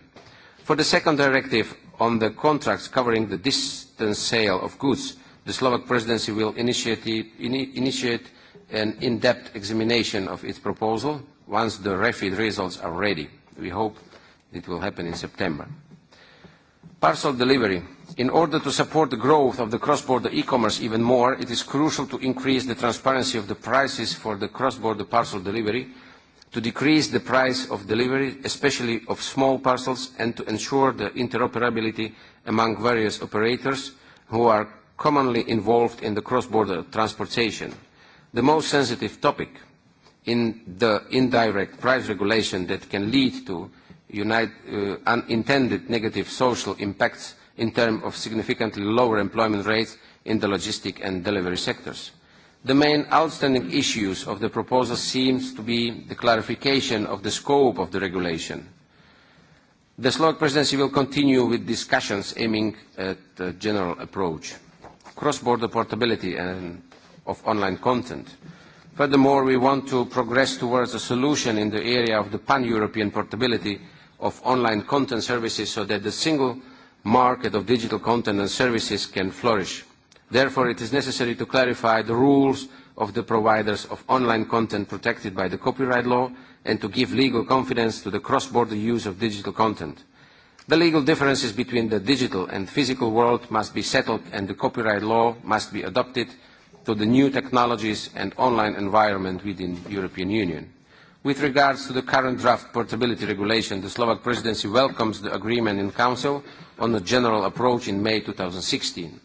For the second directive on the contracts covering the distance sale of goods, the Slovak presidency will initiate, in, initiate an in-depth examination of its proposal once the REFIT results are ready. We hope It will happen in September. Parcel delivery. In order to support the growth of the cross-border e-commerce even more, it is crucial to increase the transparency of the prices for the cross-border parcel delivery, to decrease the price of delivery, especially of small parcels, and to ensure the interoperability among various operators who are commonly involved in the cross-border transportation. The most sensitive topic in the indirect price regulation that can lead to unite, uh, unintended negative social impacts in terms of significantly lower employment rates in the logistic and delivery sectors. The main outstanding issues of the proposal seems to be the clarification of the scope of the regulation. The Slovak presidency will continue with discussions aiming at a general approach, cross-border portability and of online content. Furthermore, we want to progress towards a solution in the area of the pan-European portability of online content services so that the single market of digital content and services can flourish. Therefore, it is necessary to clarify the rules of the providers of online content protected by the copyright law and to give legal confidence to the cross-border use of digital content. The legal differences between the digital and physical world must be settled and the copyright law must be adopted to the new technologies and online environment within the European Union. With regards to the current draft portability regulation, the Slovak presidency welcomes the agreement in Council on a general approach in May 2016.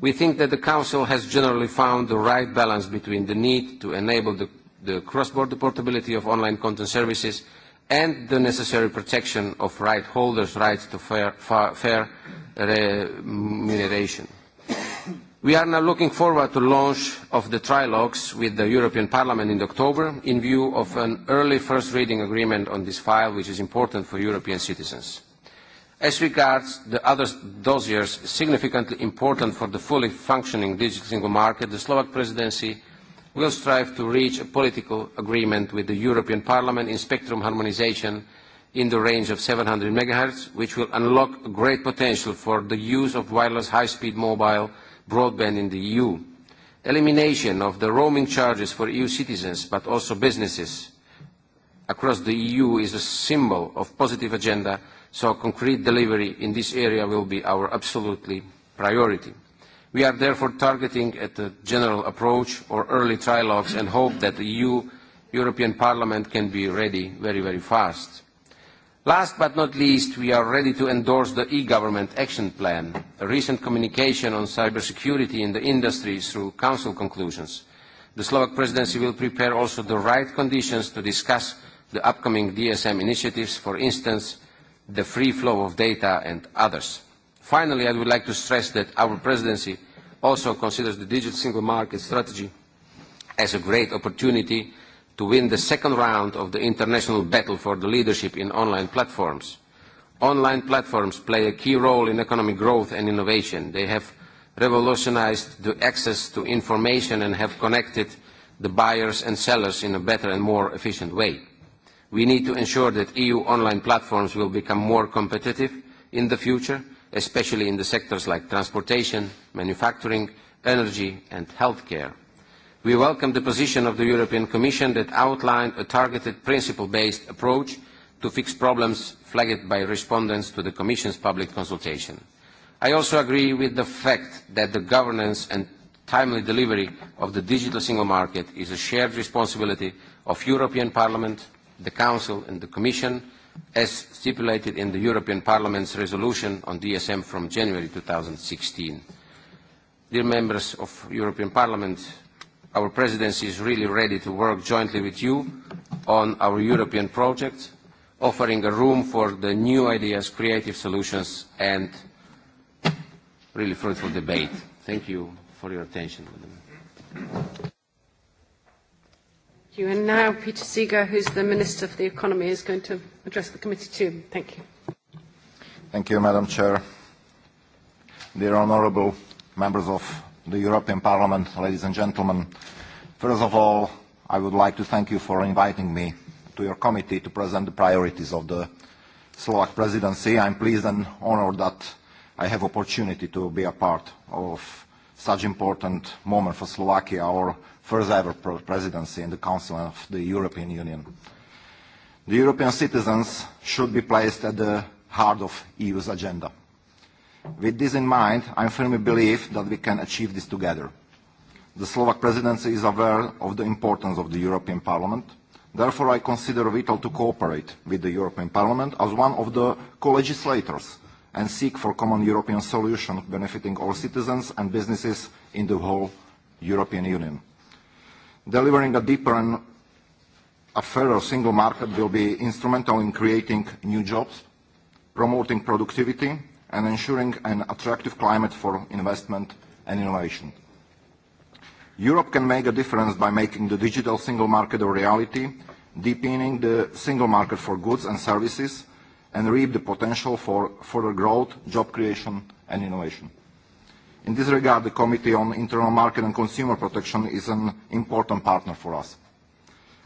We think that the Council has generally found the right balance between the need to enable the, the cross-border portability of online content services and the necessary protection of right holders' rights to fair, fair, fair uh, remuneration. We are now looking forward to launch of the trilogues with the European Parliament in October in view of an early first reading agreement on this file, which is important for European citizens. As regards the other dossiers significantly important for the fully functioning digital single market, the Slovak presidency will strive to reach a political agreement with the European Parliament in spectrum harmonization in the range of 700 MHz, which will unlock great potential for the use of wireless high-speed mobile broadband in the EU, elimination of the roaming charges for EU citizens but also businesses across the EU is a symbol of positive agenda, so concrete delivery in this area will be our absolutely priority. We are therefore targeting at a general approach or early trilogues and hope that the EU European Parliament can be ready very, very fast. Last but not least, we are ready to endorse the e-government action plan, a recent communication on cybersecurity in the industry through Council conclusions. The Slovak presidency will prepare also the right conditions to discuss the upcoming DSM initiatives, for instance, the free flow of data and others. Finally, I would like to stress that our presidency also considers the digital single market strategy as a great opportunity to win the second round of the international battle for the leadership in online platforms. Online platforms play a key role in economic growth and innovation. They have revolutionized the access to information and have connected the buyers and sellers in a better and more efficient way. We need to ensure that EU online platforms will become more competitive in the future, especially in the sectors like transportation, manufacturing, energy and healthcare. We welcome the position of the European Commission that outlined a targeted principle-based approach to fix problems flagged by respondents to the Commission's public consultation. I also agree with the fact that the governance and timely delivery of the digital single market is a shared responsibility of European Parliament, the Council and the Commission, as stipulated in the European Parliament's resolution on DSM from January 2016. Dear members of European Parliament, Our presidency is really ready to work jointly with you on our European project, offering a room for the new ideas, creative solutions, and really fruitful debate. Thank you for your attention. Madam. Thank you. And now Peter Seeger, who's the Minister for the Economy, is going to address the committee too. Thank you. Thank you, Madam Chair. Dear Honourable Members of the European Parliament, ladies and gentlemen. First of all, I would like to thank you for inviting me to your committee to present the priorities of the Slovak presidency. I'm pleased and honored that I have opportunity to be a part of such important moment for Slovakia, our first ever presidency in the Council of the European Union. The European citizens should be placed at the heart of EU's agenda. With this in mind, I firmly believe that we can achieve this together. The Slovak presidency is aware of the importance of the European Parliament. Therefore, I consider vital to cooperate with the European Parliament as one of the co-legislators and seek for common European solution benefiting all citizens and businesses in the whole European Union. Delivering a deeper and a fairer single market will be instrumental in creating new jobs, promoting productivity, and ensuring an attractive climate for investment and innovation. Europe can make a difference by making the digital single market a reality, deepening the single market for goods and services, and reap the potential for further growth, job creation, and innovation. In this regard, the Committee on Internal Market and Consumer Protection is an important partner for us.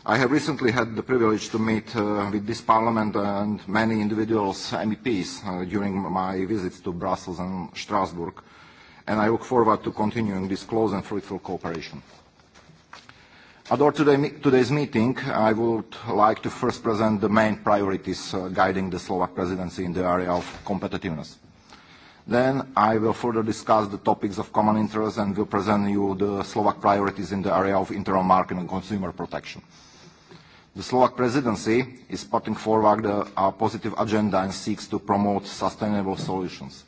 I have recently had the privilege to meet uh, with this parliament and many individuals, MEPs, uh, during my visits to Brussels and Strasbourg, and I look forward to continuing this close and fruitful cooperation. At our today, today's meeting, I would like to first present the main priorities uh, guiding the Slovak presidency in the area of competitiveness. Then I will further discuss the topics of common interest and will present you the Slovak priorities in the area of internal market and consumer protection. Uh, The Slovak presidency is putting forward a, a positive agenda and seeks to promote sustainable solutions.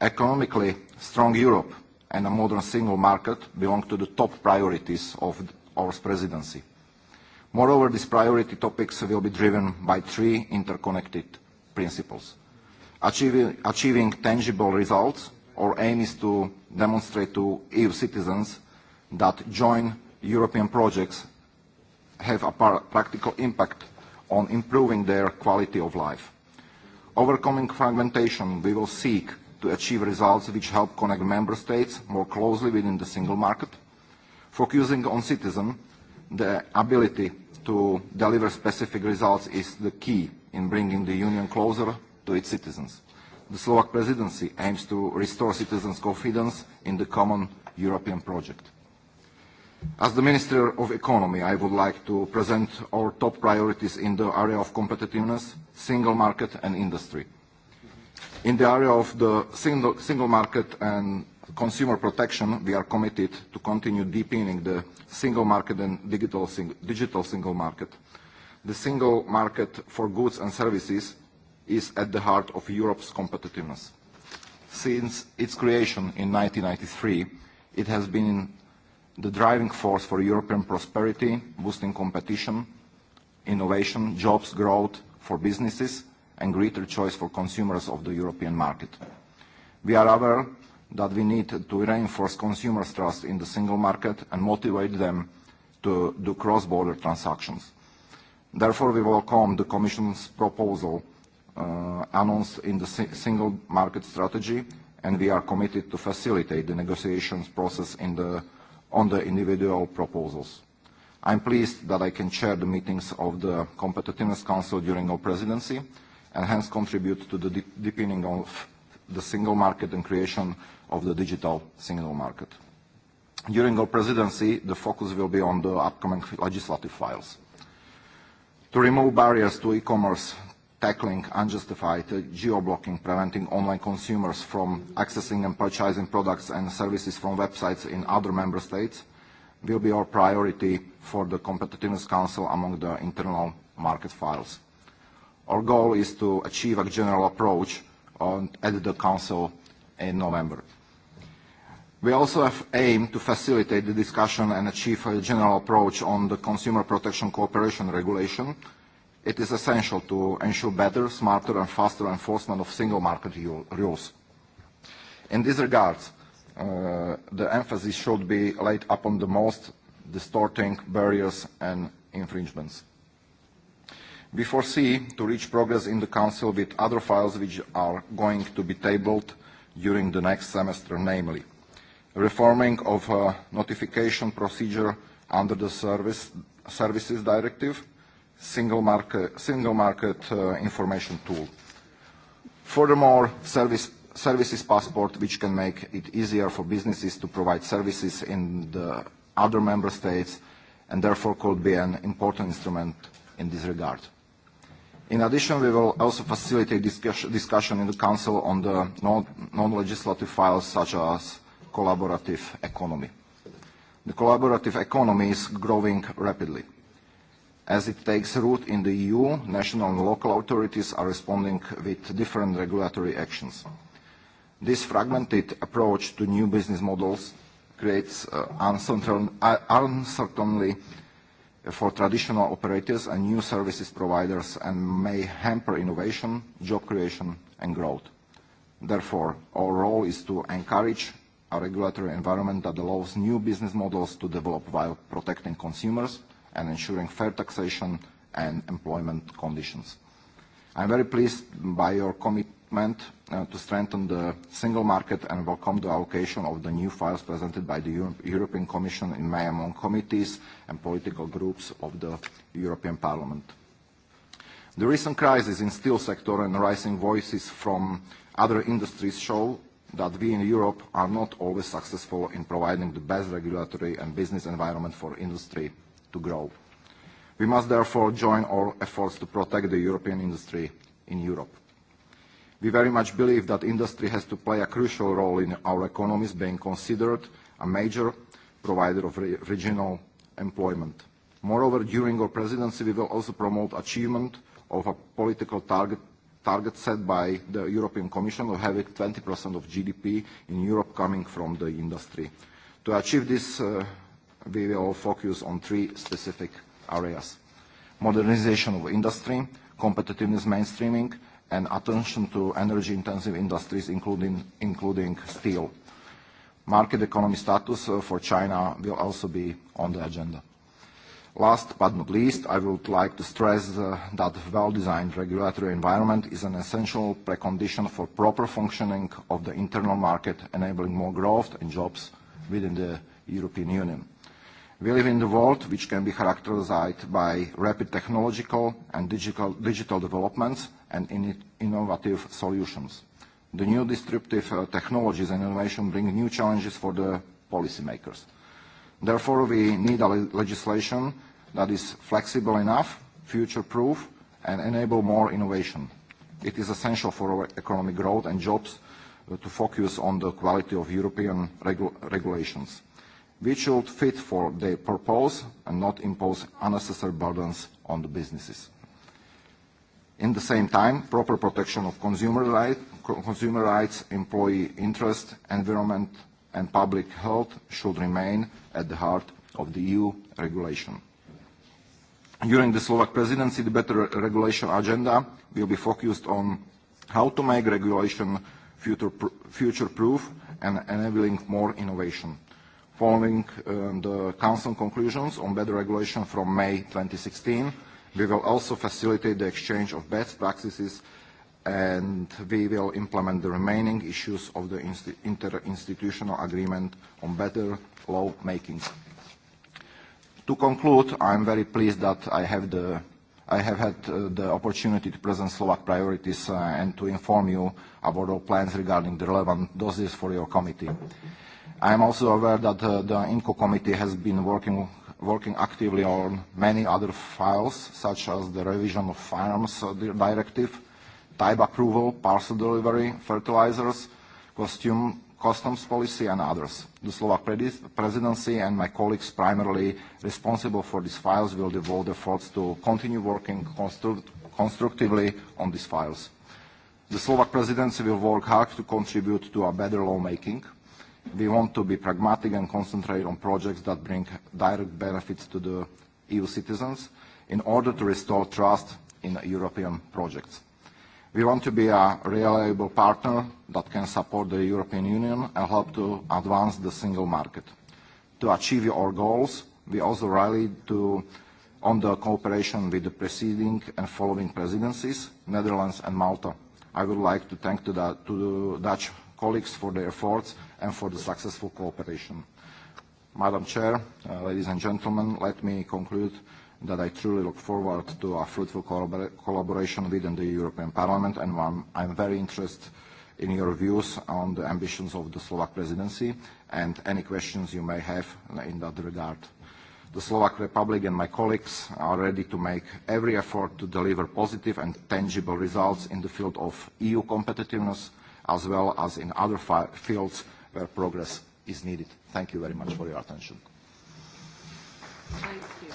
Economically, strong Europe and a modern single market belong to the top priorities of our presidency. Moreover, these priority topics will be driven by three interconnected principles. Achieving, achieving tangible results, our aim is to demonstrate to EU citizens that joint European projects have a practical impact on improving their quality of life. Overcoming fragmentation, we will seek to achieve results which help connect member states more closely within the single market, focusing on citizen, the ability to deliver specific results is the key in bringing the union closer to its citizens. The Slovak presidency aims to restore citizens' confidence in the common European project. As the Minister of Economy, I would like to present our top priorities in the area of competitiveness, single market and industry. In the area of the single, single market and consumer protection, we are committed to continue deepening the single market and digital, sing, digital single market. The single market for goods and services is at the heart of Europe's competitiveness. Since its creation in 1993, it has been the driving force for European prosperity, boosting competition, innovation, jobs, growth for businesses, and greater choice for consumers of the European market. We are aware that we need to reinforce consumers' trust in the single market and motivate them to do cross-border transactions. Therefore, we welcome the Commission's proposal uh, announced in the si single market strategy, and we are committed to facilitate the negotiations process in the on the individual proposals. I'm pleased that I can chair the meetings of the Competitiveness Council during our presidency and hence contribute to the deepening of the single market and creation of the digital single market. During our presidency, the focus will be on the upcoming legislative files. To remove barriers to e-commerce tackling unjustified geo-blocking, preventing online consumers from accessing and purchasing products and services from websites in other member states will be our priority for the Competitiveness Council among the internal market files. Our goal is to achieve a general approach on, at the Council in November. We also have aimed to facilitate the discussion and achieve a general approach on the Consumer Protection Cooperation Regulation, it is essential to ensure better, smarter, and faster enforcement of single market rules. In this regard, uh, the emphasis should be laid upon the most distorting barriers and infringements. We foresee to reach progress in the Council with other files which are going to be tabled during the next semester, namely reforming of uh, notification procedure under the service, Services Directive, single market, single market uh, information tool. Furthermore, service, services passport, which can make it easier for businesses to provide services in the other member states, and therefore could be an important instrument in this regard. In addition, we will also facilitate discuss discussion in the Council on the non-legislative non files such as collaborative economy. The collaborative economy is growing rapidly. As it takes root in the EU, national and local authorities are responding with different regulatory actions. This fragmented approach to new business models creates uh, uncertain, uh, uncertainty for traditional operators and new services providers and may hamper innovation, job creation, and growth. Therefore, our role is to encourage a regulatory environment that allows new business models to develop while protecting consumers, and ensuring fair taxation and employment conditions. I'm very pleased by your commitment uh, to strengthen the single market and welcome the allocation of the new files presented by the Euro European Commission in May among committees and political groups of the European Parliament. The recent crisis in steel sector and rising voices from other industries show that we in Europe are not always successful in providing the best regulatory and business environment for industry to grow. We must therefore join all efforts to protect the European industry in Europe. We very much believe that industry has to play a crucial role in our economies being considered a major provider of re regional employment. Moreover, during our presidency, we will also promote achievement of a political target, target set by the European Commission of having 20% of GDP in Europe coming from the industry. To achieve this, uh, we will focus on three specific areas: modernization of industry, competitiveness mainstreaming, and attention to energy-intensive industries, including, including steel. Market economy status uh, for China will also be on the agenda. Last but not least, I would like to stress uh, that well-designed regulatory environment is an essential precondition for proper functioning of the internal market, enabling more growth and jobs within the European Union. We live in a world which can be characterized by rapid technological and digital, digital developments and in innovative solutions. The new disruptive uh, technologies and innovation bring new challenges for the policymakers. Therefore, we need a le legislation that is flexible enough, future-proof, and enable more innovation. It is essential for our economic growth and jobs uh, to focus on the quality of European regu regulations which should fit for their purpose and not impose unnecessary burdens on the businesses. In the same time, proper protection of consumer, right, consumer rights, employee interest, environment and public health should remain at the heart of the EU regulation. During the Slovak presidency, the better regulation agenda will be focused on how to make regulation future-proof future and enabling more innovation following um, the Council conclusions on better regulation from May 2016. We will also facilitate the exchange of best practices and we will implement the remaining issues of the interinstitutional agreement on better lawmaking. To conclude, I'm very pleased that I have, the, I have had uh, the opportunity to present Slovak priorities uh, and to inform you about our plans regarding the relevant doses for your committee. Mm -hmm. I am also aware that uh, the INCO committee has been working, working actively on many other files, such as the revision of firearms uh, directive, type approval, parcel delivery, fertilizers, costume, customs policy, and others. The Slovak presidency and my colleagues primarily responsible for these files will devote efforts to continue working construct constructively on these files. The Slovak presidency will work hard to contribute to a better lawmaking – We want to be pragmatic and concentrate on projects that bring direct benefits to the EU citizens in order to restore trust in European projects. We want to be a reliable partner that can support the European Union and help to advance the single market. To achieve our goals, we also rallied to, on the cooperation with the preceding and following presidencies, Netherlands and Malta. I would like to thank to the, to the Dutch colleagues for their efforts and for the successful cooperation. Madam Chair, uh, ladies and gentlemen, let me conclude that I truly look forward to a fruitful collabor collaboration within the European Parliament, and I'm, I'm very interested in your views on the ambitions of the Slovak presidency and any questions you may have in that regard. The Slovak Republic and my colleagues are ready to make every effort to deliver positive and tangible results in the field of EU competitiveness, as well as in other fields where progress is needed. Thank you very much for your attention. Thank you.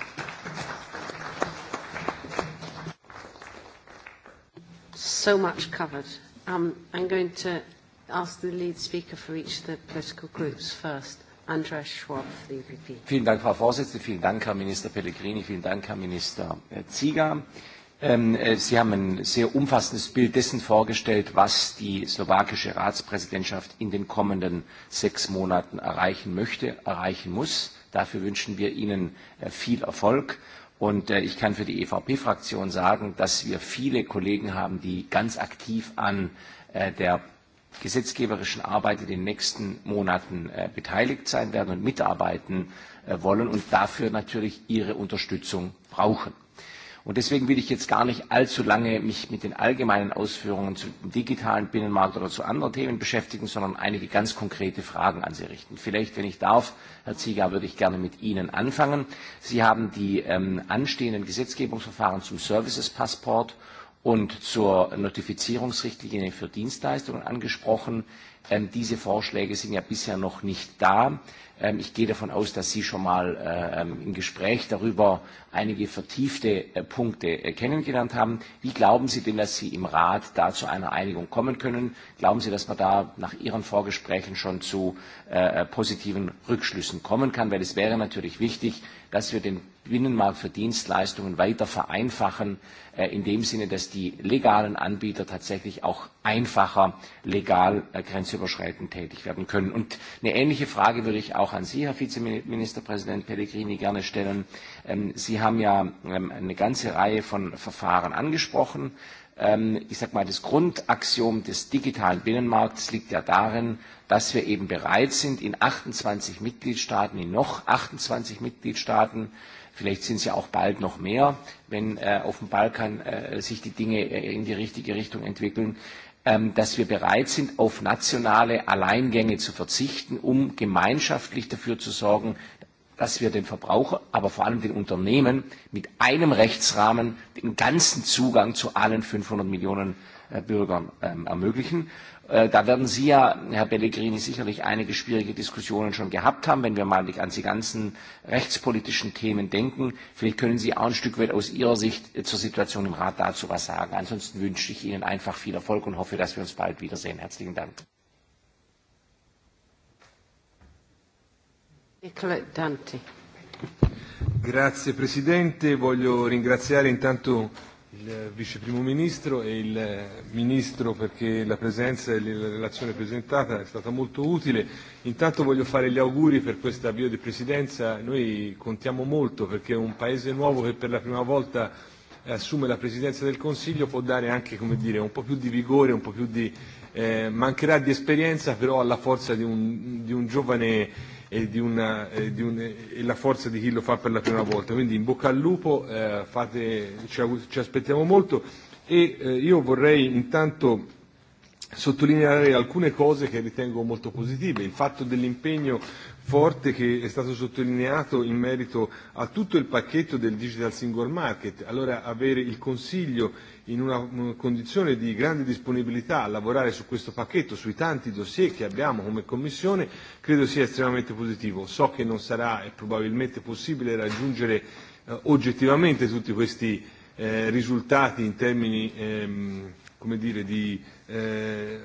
So much covered. Um, I'm going to ask the lead speaker for each of the political groups first. Andreas Schwab for the EPP. Vielen Dank, Frau Vorsitzende. Vielen Dank, Herr Minister Pellegrini. Vielen Dank, Herr Minister äh, Zieger. Äh, Ähm, äh, Sie haben ein sehr umfassendes Bild dessen vorgestellt, was die slowakische Ratspräsidentschaft in den kommenden sechs Monaten erreichen möchte, erreichen muss. Dafür wünschen wir Ihnen äh, viel Erfolg. Und äh, ich kann für die EVP-Fraktion sagen, dass wir viele Kollegen haben, die ganz aktiv an der gesetzgeberischen Arbeit in den nächsten Monaten beteiligt sein werden und mitarbeiten wollen und dafür natürlich Ihre Unterstützung brauchen. Und deswegen will ich jetzt gar nicht allzu lange mich mit den allgemeinen Ausführungen zum digitalen Binnenmarkt oder zu anderen Themen beschäftigen, sondern einige ganz konkrete Fragen an Sie richten. Vielleicht, wenn ich darf, Herr Zieger, würde ich gerne mit Ihnen anfangen. Sie haben die ähm, anstehenden Gesetzgebungsverfahren zum Services-Passport und zur Notifizierungsrichtlinie für Dienstleistungen angesprochen. Ähm, diese Vorschläge sind ja bisher noch nicht da. Ähm, ich gehe davon aus, dass Sie schon mal äh, ähm, im Gespräch darüber einige vertiefte äh, Punkte äh, kennengelernt haben. Wie glauben Sie denn, dass Sie im Rat da zu einer Einigung kommen können? Glauben Sie, dass man da nach Ihren Vorgesprächen schon zu äh, äh positiven Rückschlüssen kommen kann? Weil es wäre natürlich wichtig, dass wir den Binnenmarkt für Dienstleistungen weiter vereinfachen, äh, in dem Sinne, dass die legalen Anbieter tatsächlich auch einfacher legal äh, grenzüberschreitend tätig werden können. Und eine ähnliche Frage würde ich auch an Sie, Herr Vizeministerpräsident Pellegrini, gerne stellen. Ähm, Sie haben ja ähm, eine ganze Reihe von Verfahren angesprochen. Ähm, ich sage mal, das Grundaxiom des digitalen Binnenmarkts liegt ja darin, dass wir eben bereit sind, in 28 Mitgliedstaaten, in noch 28 Mitgliedstaaten, äh, Vielleicht sind es ja auch bald noch mehr, wenn äh, auf dem Balkan äh, sich die Dinge äh, in die richtige Richtung entwickeln ähm, dass wir bereit sind, auf nationale Alleingänge zu verzichten, um gemeinschaftlich dafür zu sorgen, dass wir den Verbraucher, aber vor allem den Unternehmen mit einem Rechtsrahmen den ganzen Zugang zu allen 500 Millionen äh, Bürgern ähm, ermöglichen. Äh, da werden Sie ja, Herr Pellegrini, sicherlich einige schwierige Diskussionen schon gehabt haben, wenn wir mal an die ganzen rechtspolitischen Themen denken. Vielleicht können Sie auch ein Stück weit aus Ihrer Sicht äh, zur Situation im Rat dazu was sagen. Ansonsten wünsche ich Ihnen einfach viel Erfolg und hoffe, dass wir uns bald wiedersehen. Herzlichen Dank. Nicola Dante. Grazie Presidente, voglio ringraziare intanto il Vice Primo Ministro e il Ministro perché la presenza e la relazione presentata è stata molto utile. Intanto voglio fare gli auguri per questo avvio di Presidenza. Noi contiamo molto perché un Paese nuovo che per la prima volta eh, assume la Presidenza del Consiglio può dare anche come dire, un po' più di vigore, un po' più di... Eh, mancherà di esperienza però alla forza di un, di un giovane e, di una, e, di un, e la forza di chi lo fa per la prima volta. Quindi in bocca al lupo, eh, fate, ci, ci aspettiamo molto e eh, io vorrei intanto sottolineare alcune cose che ritengo molto positive. Il fatto dell'impegno forte che è stato sottolineato in merito a tutto il pacchetto del Digital Single Market. Allora avere il Consiglio in una condizione di grande disponibilità a lavorare su questo pacchetto, sui tanti dossier che abbiamo come Commissione, credo sia estremamente positivo. So che non sarà eh, probabilmente possibile raggiungere eh, oggettivamente tutti questi eh, risultati in termini ehm, come dire, di, eh,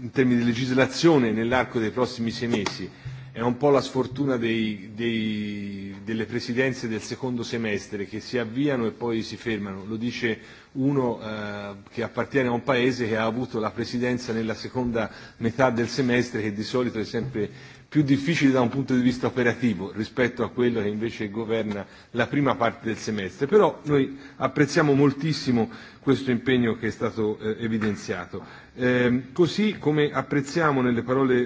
in termini di legislazione nell'arco dei prossimi sei mesi, è un po' la sfortuna dei, dei, delle presidenze del secondo semestre che si avviano e poi si fermano. Lo dice uno eh, che appartiene a un paese che ha avuto la presidenza nella seconda metà del semestre, che di solito è sempre più difficili da un punto di vista operativo rispetto a quello che invece governa la prima parte del semestre, però noi apprezziamo moltissimo questo impegno che è stato eh, evidenziato. Eh, così come apprezziamo nelle parole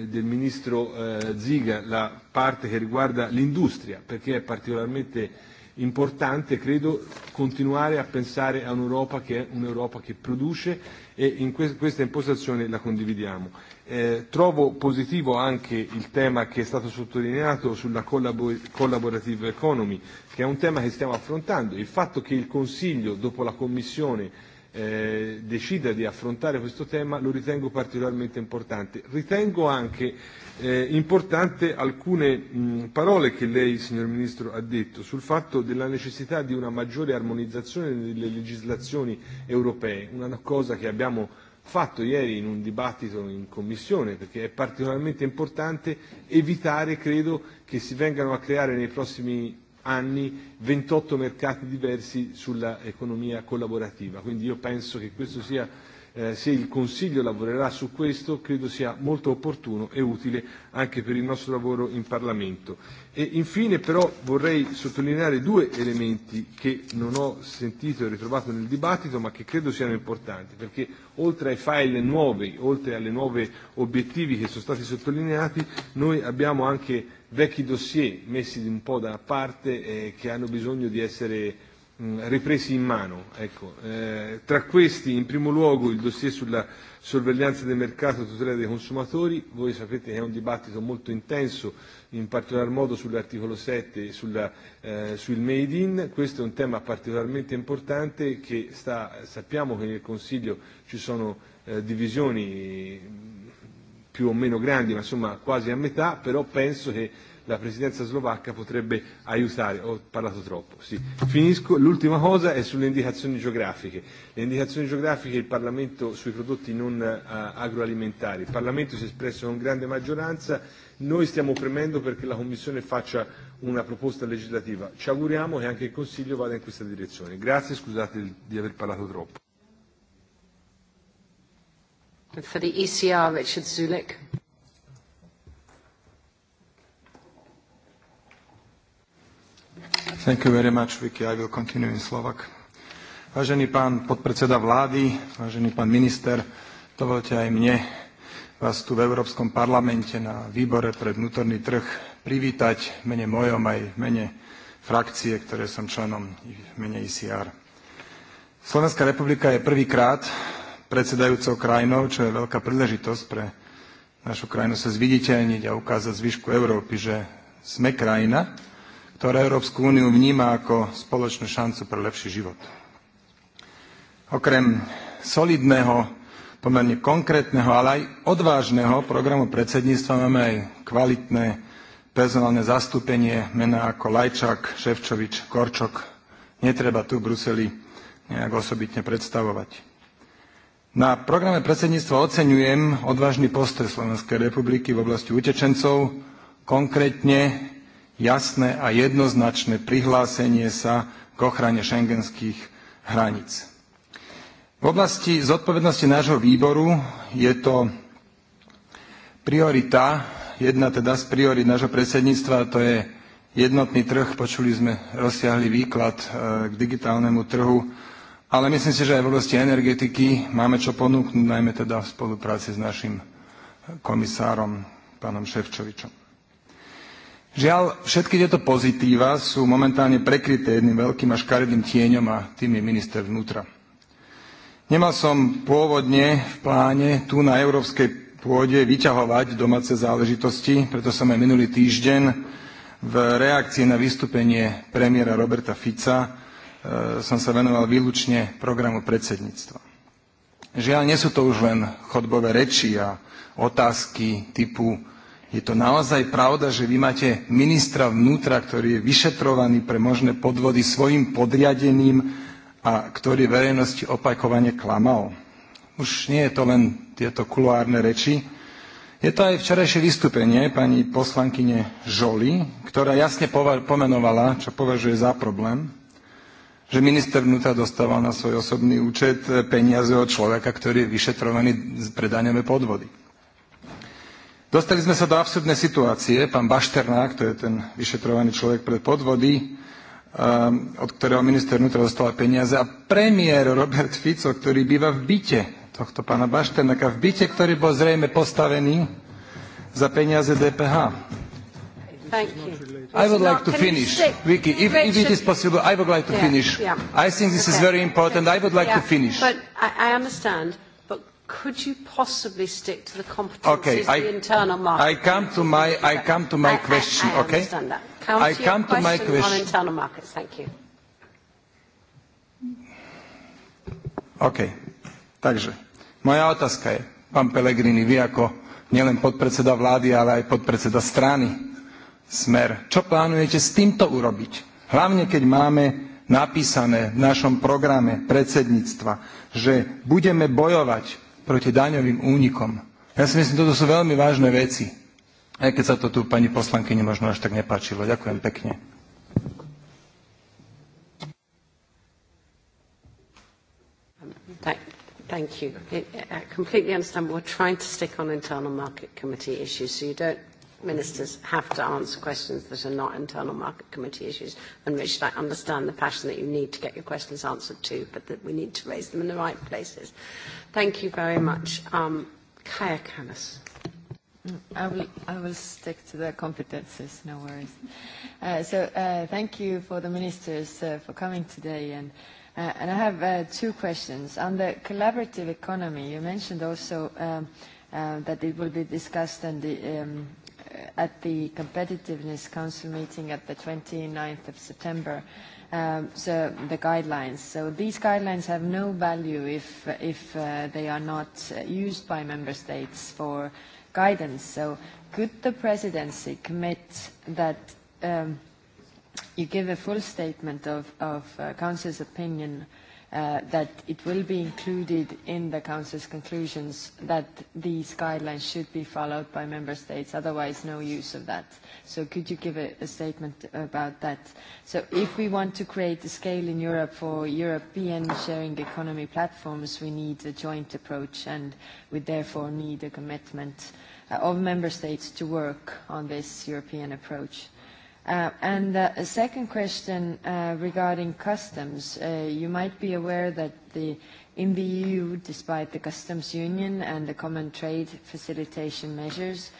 eh, del Ministro eh, Ziga la parte che riguarda l'industria, perché è particolarmente importante, credo, continuare a pensare a un'Europa che è un'Europa che produce e in que- questa impostazione la condividiamo. Eh, trovo positivo anche il tema che è stato sottolineato sulla collabor- collaborative economy, che è un tema che stiamo affrontando. Il fatto che il Consiglio, dopo la Commissione, eh, decida di affrontare questo tema lo ritengo particolarmente importante. Ritengo anche eh, importante alcune mh, parole che lei, signor Ministro, ha detto sul fatto della necessità di una maggiore armonizzazione delle legislazioni europee, una cosa che abbiamo fatto ieri in un dibattito in Commissione, perché è particolarmente importante evitare, credo, che si vengano a creare nei prossimi anni 28 mercati diversi sull'economia collaborativa. Quindi io penso che questo sia, eh, se il Consiglio lavorerà su questo, credo sia molto opportuno e utile anche per il nostro lavoro in Parlamento. E infine però vorrei sottolineare due elementi che non ho sentito e ritrovato nel dibattito ma che credo siano importanti, perché oltre ai file nuovi, oltre alle nuove obiettivi che sono stati sottolineati, noi abbiamo anche vecchi dossier messi un po' da parte eh, che hanno bisogno di essere mh, mm, ripresi in mano. Ecco, eh, tra questi, in primo luogo, il dossier sulla sorveglianza del mercato e tutela dei consumatori. Voi sapete che è un dibattito molto intenso, in particolar modo sull'articolo 7 e sulla, eh, sul Made in. Questo è un tema particolarmente importante che sta, sappiamo che nel Consiglio ci sono eh, divisioni più o meno grandi, ma insomma quasi a metà, però penso che la presidenza slovacca potrebbe aiutare. Ho parlato troppo, sì. Finisco. L'ultima cosa è sulle indicazioni geografiche. Le indicazioni geografiche il Parlamento sui prodotti non uh, agroalimentari. Il Parlamento si è espresso con grande maggioranza. Noi stiamo premendo perché la Commissione faccia una proposta legislativa. Ci auguriamo che anche il Consiglio vada in questa direzione. Grazie, scusate di aver parlato troppo. And for the ECR, Richard Zulik. Thank you very much, Vicky. I will continue in Slovak. Vážený pán podpredseda vlády, vážený pán minister, dovolte aj mne vás tu v Európskom parlamente na výbore pre vnútorný trh privítať v mene mojom aj v mene frakcie, ktoré som členom v mene ICR. E Slovenská republika je prvýkrát predsedajúcou krajinou, čo je veľká príležitosť pre našu krajinu sa zviditeľniť a ukázať zvyšku Európy, že sme krajina, ktorá Európsku úniu vníma ako spoločnú šancu pre lepší život. Okrem solidného, pomerne konkrétneho, ale aj odvážneho programu predsedníctva máme aj kvalitné personálne zastúpenie mená ako Lajčák, Ševčovič, Korčok. Netreba tu v Bruseli nejak osobitne predstavovať. Na programe predsedníctva oceňujem odvážny postoj Slovenskej republiky v oblasti utečencov, konkrétne jasné a jednoznačné prihlásenie sa k ochrane šengenských hraníc. V oblasti zodpovednosti nášho výboru je to priorita, jedna teda z priorit nášho predsedníctva, to je jednotný trh, počuli sme rozsiahly výklad e, k digitálnemu trhu Ale myslím si, že aj v oblasti energetiky máme čo ponúknuť, najmä teda v spolupráci s našim komisárom, pánom Ševčovičom. Žiaľ, všetky tieto pozitíva sú momentálne prekryté jedným veľkým a škaredým tieňom a tým je minister vnútra. Nemal som pôvodne v pláne tu na európskej pôde vyťahovať domáce záležitosti, preto som aj minulý týždeň v reakcii na vystúpenie premiéra Roberta Fica Eh, som sa venoval výlučne programu predsedníctva. Žiaľ, nie sú to už len chodbové reči a otázky typu je to naozaj pravda, že vy máte ministra vnútra, ktorý je vyšetrovaný pre možné podvody svojim podriadeným a ktorý verejnosti opakovane klamal? Už nie je to len tieto kuloárne reči. Je to aj včerajšie vystúpenie pani poslankyne Žoli, ktorá jasne pomenovala, čo považuje za problém, že minister vnútra dostával na svoj osobný účet eh, peniaze od človeka, ktorý je vyšetrovaný pre daňové podvody. Dostali sme sa do absurdnej situácie. Pán Bašternák, to je ten vyšetrovaný človek pre podvody, um, od ktorého minister vnútra dostala peniaze. A premiér Robert Fico, ktorý býva v byte tohto pána Bašternáka, v byte, ktorý bol zrejme postavený za peniaze DPH. Thank you. I would like to finish, say, Vicky, if, if it is possible, I would like to yeah, finish. Yeah. I think this okay. is very important. I would like yeah, to finish. But I, I understand. But could you possibly stick to the competencies okay, I, of the internal market? I come to my, I come to my I, question, I, I okay? I understand that. Come I to come to my question. on internal markets. Thank you. OK. Takže moja otázka je, pán Pelegrini, vy ako nielen podpredseda vlády, ale aj podpredseda strany, smer. Čo plánujete s týmto urobiť? Hlavne, keď máme napísané v našom programe predsedníctva, že budeme bojovať proti daňovým únikom. Ja si myslím, toto sú veľmi vážne veci. Aj keď sa to tu pani poslankyni možno až tak nepáčilo. Ďakujem pekne. Thank you. I completely understand we're trying to stick on internal market committee issues, so you don't ministers have to answer questions that are not internal market committee issues. And Richard, I understand the passion that you need to get your questions answered too, but that we need to raise them in the right places. Thank you very much. Um, Kaya Canis. I will, I will stick to the competences, no worries. Uh, so uh, thank you for the ministers uh, for coming today. And, uh, and I have uh, two questions. On the collaborative economy, you mentioned also um, uh, that it will be discussed and the, um, Uh, at the Competitiveness Council meeting at the 29th of September, um, so the guidelines. So these guidelines have no value if, if uh, they are not uh, used by member states for guidance. So could the presidency commit that um, you give a full statement of, of uh, Council's opinion uh, uh, that it will be included in the Council's conclusions that these guidelines should be followed by Member States, otherwise no use of that. So could you give a, a statement about that? So if we want to create a scale in Europe for European sharing economy platforms, we need a joint approach and we therefore need a commitment uh, of Member States to work on this European approach. Uh, Uh, and uh, a second question uh, regarding customs. Uh, you might be aware that the, in the EU, despite the customs union and the common trade facilitation measures,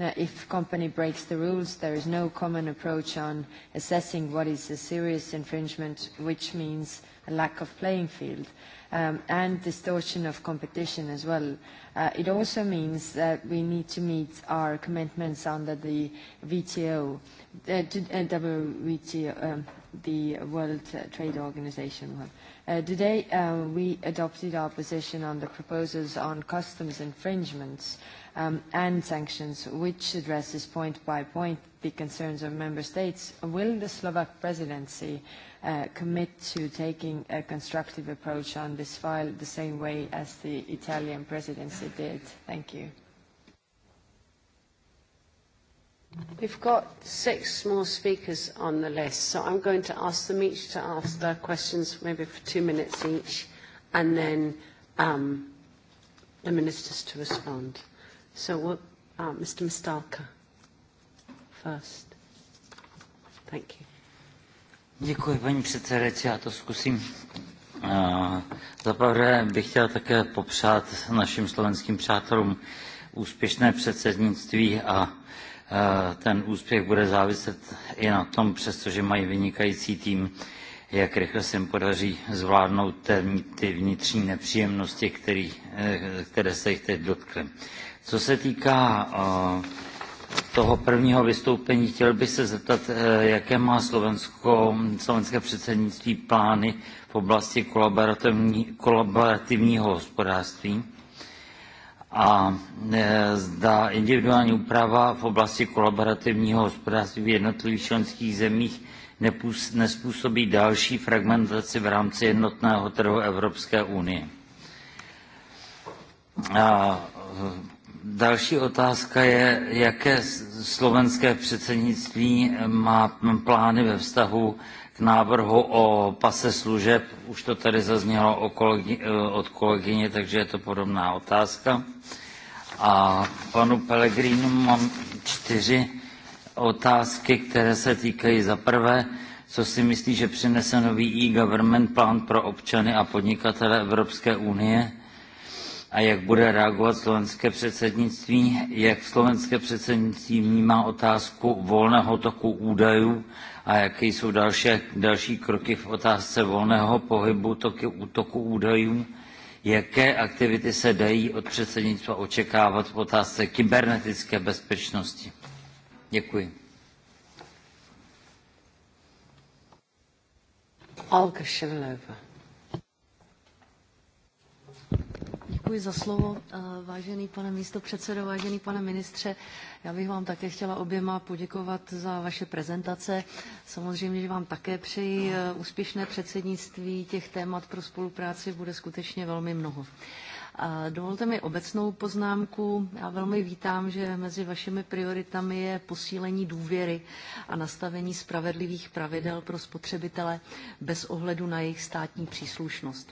uh, if company breaks the rules, there is no common approach on assessing what is a serious infringement, which means a lack of playing field. Uh, um, and distortion of competition as well. Uh, it also means that we need to meet our commitments under the WTO, uh, to, uh, WTO, um, the World Trade Organization one. Uh, today, uh, we adopted our position on the proposals on customs infringements um, and sanctions, which addresses point by point the concerns of member states. Will the Slovak presidency uh, uh, commit to taking a constructive approach on this file the same way as the Italian presidency did? Thank you. We've got six more speakers on the list, so I'm going to ask them each to ask their questions, maybe for two minutes each, and then um, the ministers to respond. So we'll, uh, Mr. Mistalka first. Thank you. Děkuji, paní předsedající, já to zkusím. Za prvé bych chtěl také popřát našim slovenským přátelům úspěšné předsednictví a ten úspěch bude záviset i na tom, přestože mají vynikající tým, jak rychle se jim podaří zvládnout ty vnitřní nepříjemnosti, který, eh, které se jich teď dotkly. Co se týká uh, toho prvního vystoupení. Chtěl bych se zeptat, eh, jaké má Slovensko, slovenské předsednictví plány v oblasti kolaborativní, kolaborativního hospodářství a eh, zda individuální úprava v oblasti kolaborativního hospodářství v jednotlivých členských zemích nepůs, nespůsobí další fragmentaci v rámci jednotného trhu Evropské unie. A Další otázka je, jaké slovenské předsednictví má plány ve vztahu k návrhu o pase služeb. Už to tady zaznělo o kolegi, eh, od kolegyně, takže je to podobná otázka. A panu Pellegrinu mám čtyři otázky, které se týkají za prvé, co si myslí, že přinese nový e-government plán pro občany a podnikatele Evropské unie, a jak bude reagovat slovenské předsednictví, jak slovenské předsednictví vnímá otázku volného toku údajů a jaké jsou další, další kroky v otázce volného pohybu toku, toku údajů, jaké aktivity se dají od předsednictva očekávat v otázce kybernetické bezpečnosti. Děkuji. Olga Ševlova. Děkuji za slovo, eh, vážený pane místopředsedo, vážený pane ministře. Já bych vám také chtěla oběma poděkovat za vaše prezentace. Samozřejmě, že vám také přeji eh, úspěšné předsednictví. Těch témat pro spolupráci bude skutečně velmi mnoho. Dovolte mi obecnou poznámku. Já velmi vítám, že mezi vašimi prioritami je posílení důvěry a nastavení spravedlivých pravidel pro spotřebitele bez ohledu na jejich státní příslušnost.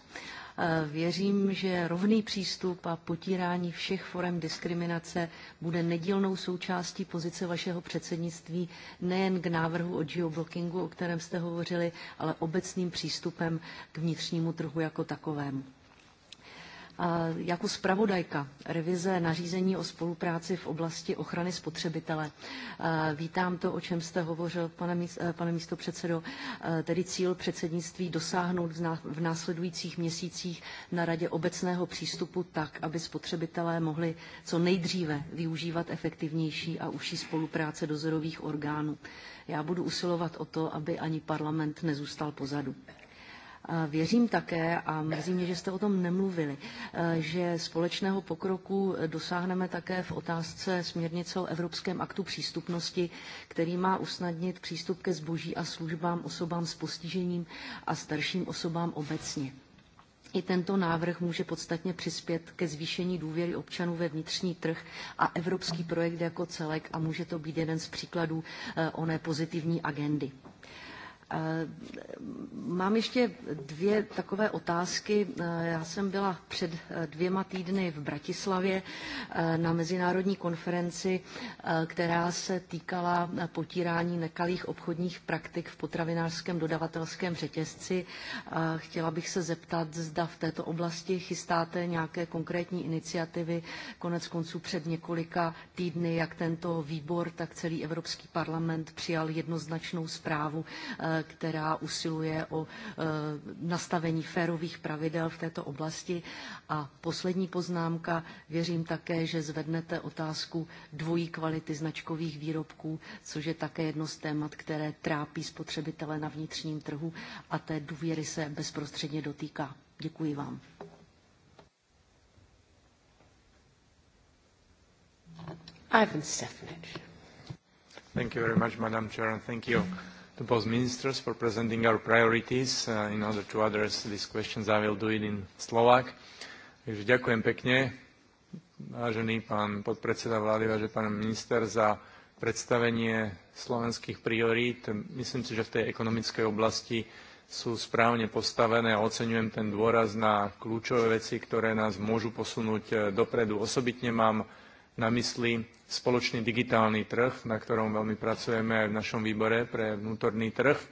Věřím, že rovný přístup a potírání všech forem diskriminace bude nedílnou součástí pozice vašeho předsednictví nejen k návrhu o geoblockingu, o kterém jste hovořili, ale obecným přístupem k vnitřnímu trhu jako takovému jako zpravodajka revize nařízení o spolupráci v oblasti ochrany spotřebitele. Vítám to, o čem jste hovořil, pane, míst, eh, pane místopředsedo, eh, tedy cíl předsednictví dosáhnout v následujících měsících na radě obecného přístupu tak, aby spotřebitelé mohli co nejdříve využívat efektivnější a užší spolupráce dozorových orgánů. Já budu usilovat o to, aby ani parlament nezůstal pozadu. Věřím také, a mrzí mě, že jste o tom nemluvili, e, že společného pokroku dosáhneme také v otázce směrnice o Evropském aktu přístupnosti, který má usnadnit přístup ke zboží a službám osobám s postižením a starším osobám obecně. I tento návrh může podstatně přispět ke zvýšení důvěry občanů ve vnitřní trh a evropský projekt jako celek a může to být jeden z příkladů e, oné pozitivní agendy. Eh, mám ještě dvě takové otázky. Eh, já jsem byla před eh, dvěma týdny v Bratislavě na mezinárodní konferenci, která se týkala potírání nekalých obchodních praktik v potravinářském dodavatelském řetězci. Chtěla bych se zeptat, zda v této oblasti chystáte nějaké konkrétní iniciativy. Konec konců před několika týdny, jak tento výbor, tak celý Evropský parlament přijal jednoznačnou zprávu která usiluje o eh, nastavení férových pravidel v této oblasti. A poslední poznámka, věřím také, že zvednete otázku dvojí kvality značkových výrobků, což je také jedno z témat, které trápí spotřebitele na vnitřním trhu a té důvěry se bezprostředně dotýká. Děkuji vám. Ivan Stefanic. Thank you very much, Madam Chair, and thank you to both ministers for presenting our priorities. Uh, in order to address these questions, I will do it in Slovak. Takže ďakujem pekne, vážený pán podpredseda vlády, vážený pán minister, za predstavenie slovenských priorít. Myslím si, že v tej ekonomickej oblasti sú správne postavené a oceňujem ten dôraz na kľúčové veci, ktoré nás môžu posunúť eh, dopredu. Osobitne mám na mysli spoločný digitálny trh, na ktorom veľmi pracujeme aj v našom výbore pre vnútorný trh. E,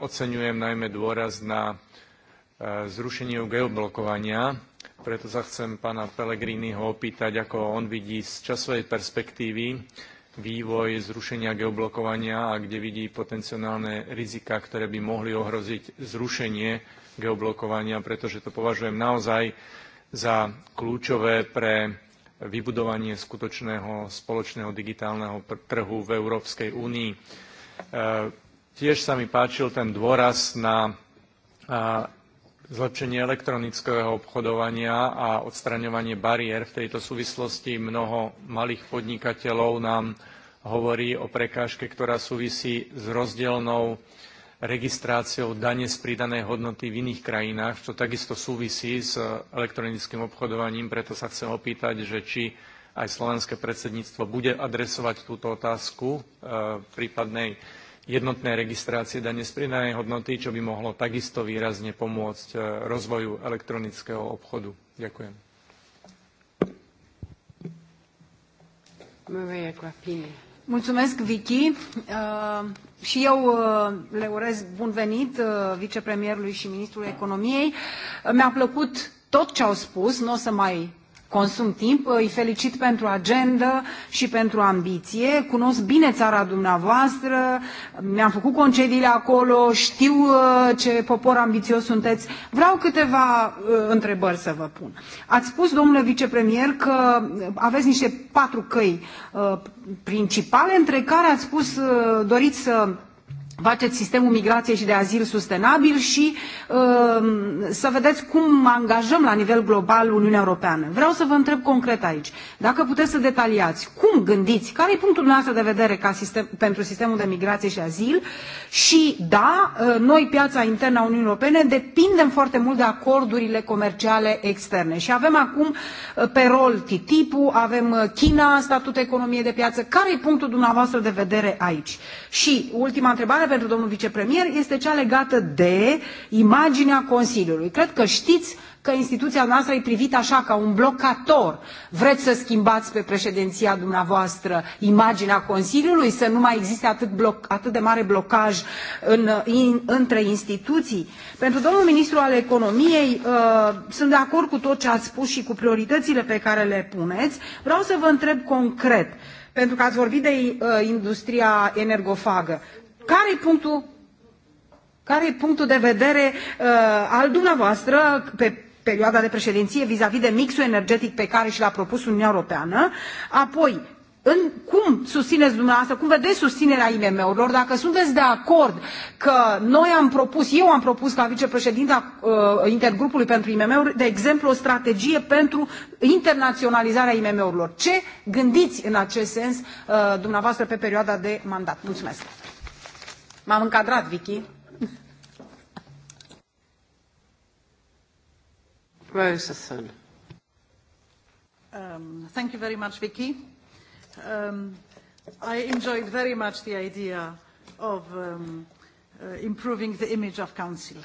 oceňujem najmä dôraz na e, zrušeniu geoblokovania, preto sa chcem pána Pellegriniho opýtať, ako on vidí z časovej perspektívy vývoj zrušenia geoblokovania a kde vidí potenciálne rizika, ktoré by mohli ohroziť zrušenie geoblokovania, pretože to považujem naozaj za kľúčové pre vybudovanie skutočného spoločného digitálneho trhu v Európskej únii. E, tiež sa mi páčil ten dôraz na e, zlepšenie elektronického obchodovania a odstraňovanie bariér. V tejto súvislosti mnoho malých podnikateľov nám hovorí o prekážke, ktorá súvisí s rozdielnou registráciou dane z pridanej hodnoty v iných krajinách, čo takisto súvisí s e, elektronickým obchodovaním. Preto sa chcem opýtať, že či aj slovenské predsedníctvo bude adresovať túto otázku e, prípadnej jednotnej registrácie dane z pridanej hodnoty, čo by mohlo takisto výrazne pomôcť e, rozvoju elektronického obchodu. Ďakujem. Maria Grappini. Mulțumesc, Vicky. Uh, și eu uh, le urez bun venit uh, vicepremierului și ministrului economiei. Uh, mi-a plăcut tot ce au spus, nu o să mai consum timp. Îi felicit pentru agendă și pentru ambiție. Cunosc bine țara dumneavoastră, mi-am făcut concediile acolo, știu uh, ce popor ambițios sunteți. Vreau câteva uh, întrebări să vă pun. Ați spus, domnule vicepremier, că aveți niște patru căi uh, principale, între care ați spus doriți să faceți sistemul migrației și de azil sustenabil și uh, să vedeți cum angajăm la nivel global Uniunea Europeană. Vreau să vă întreb concret aici, dacă puteți să detaliați, cum gândiți, care e punctul dumneavoastră de vedere ca sistem, pentru sistemul de migrație și azil și da, uh, noi, piața internă a Uniunii Europene, depindem foarte mult de acordurile comerciale externe și avem acum uh, pe rol ttip avem uh, China, statut economie de piață, care e punctul dumneavoastră de vedere aici? Și ultima întrebare, pentru domnul vicepremier este cea legată de imaginea Consiliului. Cred că știți că instituția noastră e privită așa ca un blocator. Vreți să schimbați pe președinția dumneavoastră imaginea Consiliului, să nu mai existe atât, bloc, atât de mare blocaj în, in, între instituții? Pentru domnul ministru al economiei, uh, sunt de acord cu tot ce ați spus și cu prioritățile pe care le puneți. Vreau să vă întreb concret. Uh, pentru că ați vorbit de uh, industria energofagă. Care-i e punctul, care e punctul de vedere uh, al dumneavoastră pe perioada de președinție vis-a-vis -vis de mixul energetic pe care și l-a propus Uniunea Europeană? Apoi, în, cum susțineți dumneavoastră, cum vedeți susținerea IMM-urilor, dacă sunteți de acord că noi am propus, eu am propus ca vicepreședinta uh, intergrupului pentru IMM-uri, de exemplu, o strategie pentru internaționalizarea IMM-urilor. Ce gândiți în acest sens uh, dumneavoastră pe perioada de mandat? Mulțumesc! M-am încadrat, Vicky. Rosathun. Um, thank you very much, Vicky. Um, I enjoyed very much the idea of um, uh, improving the image of council.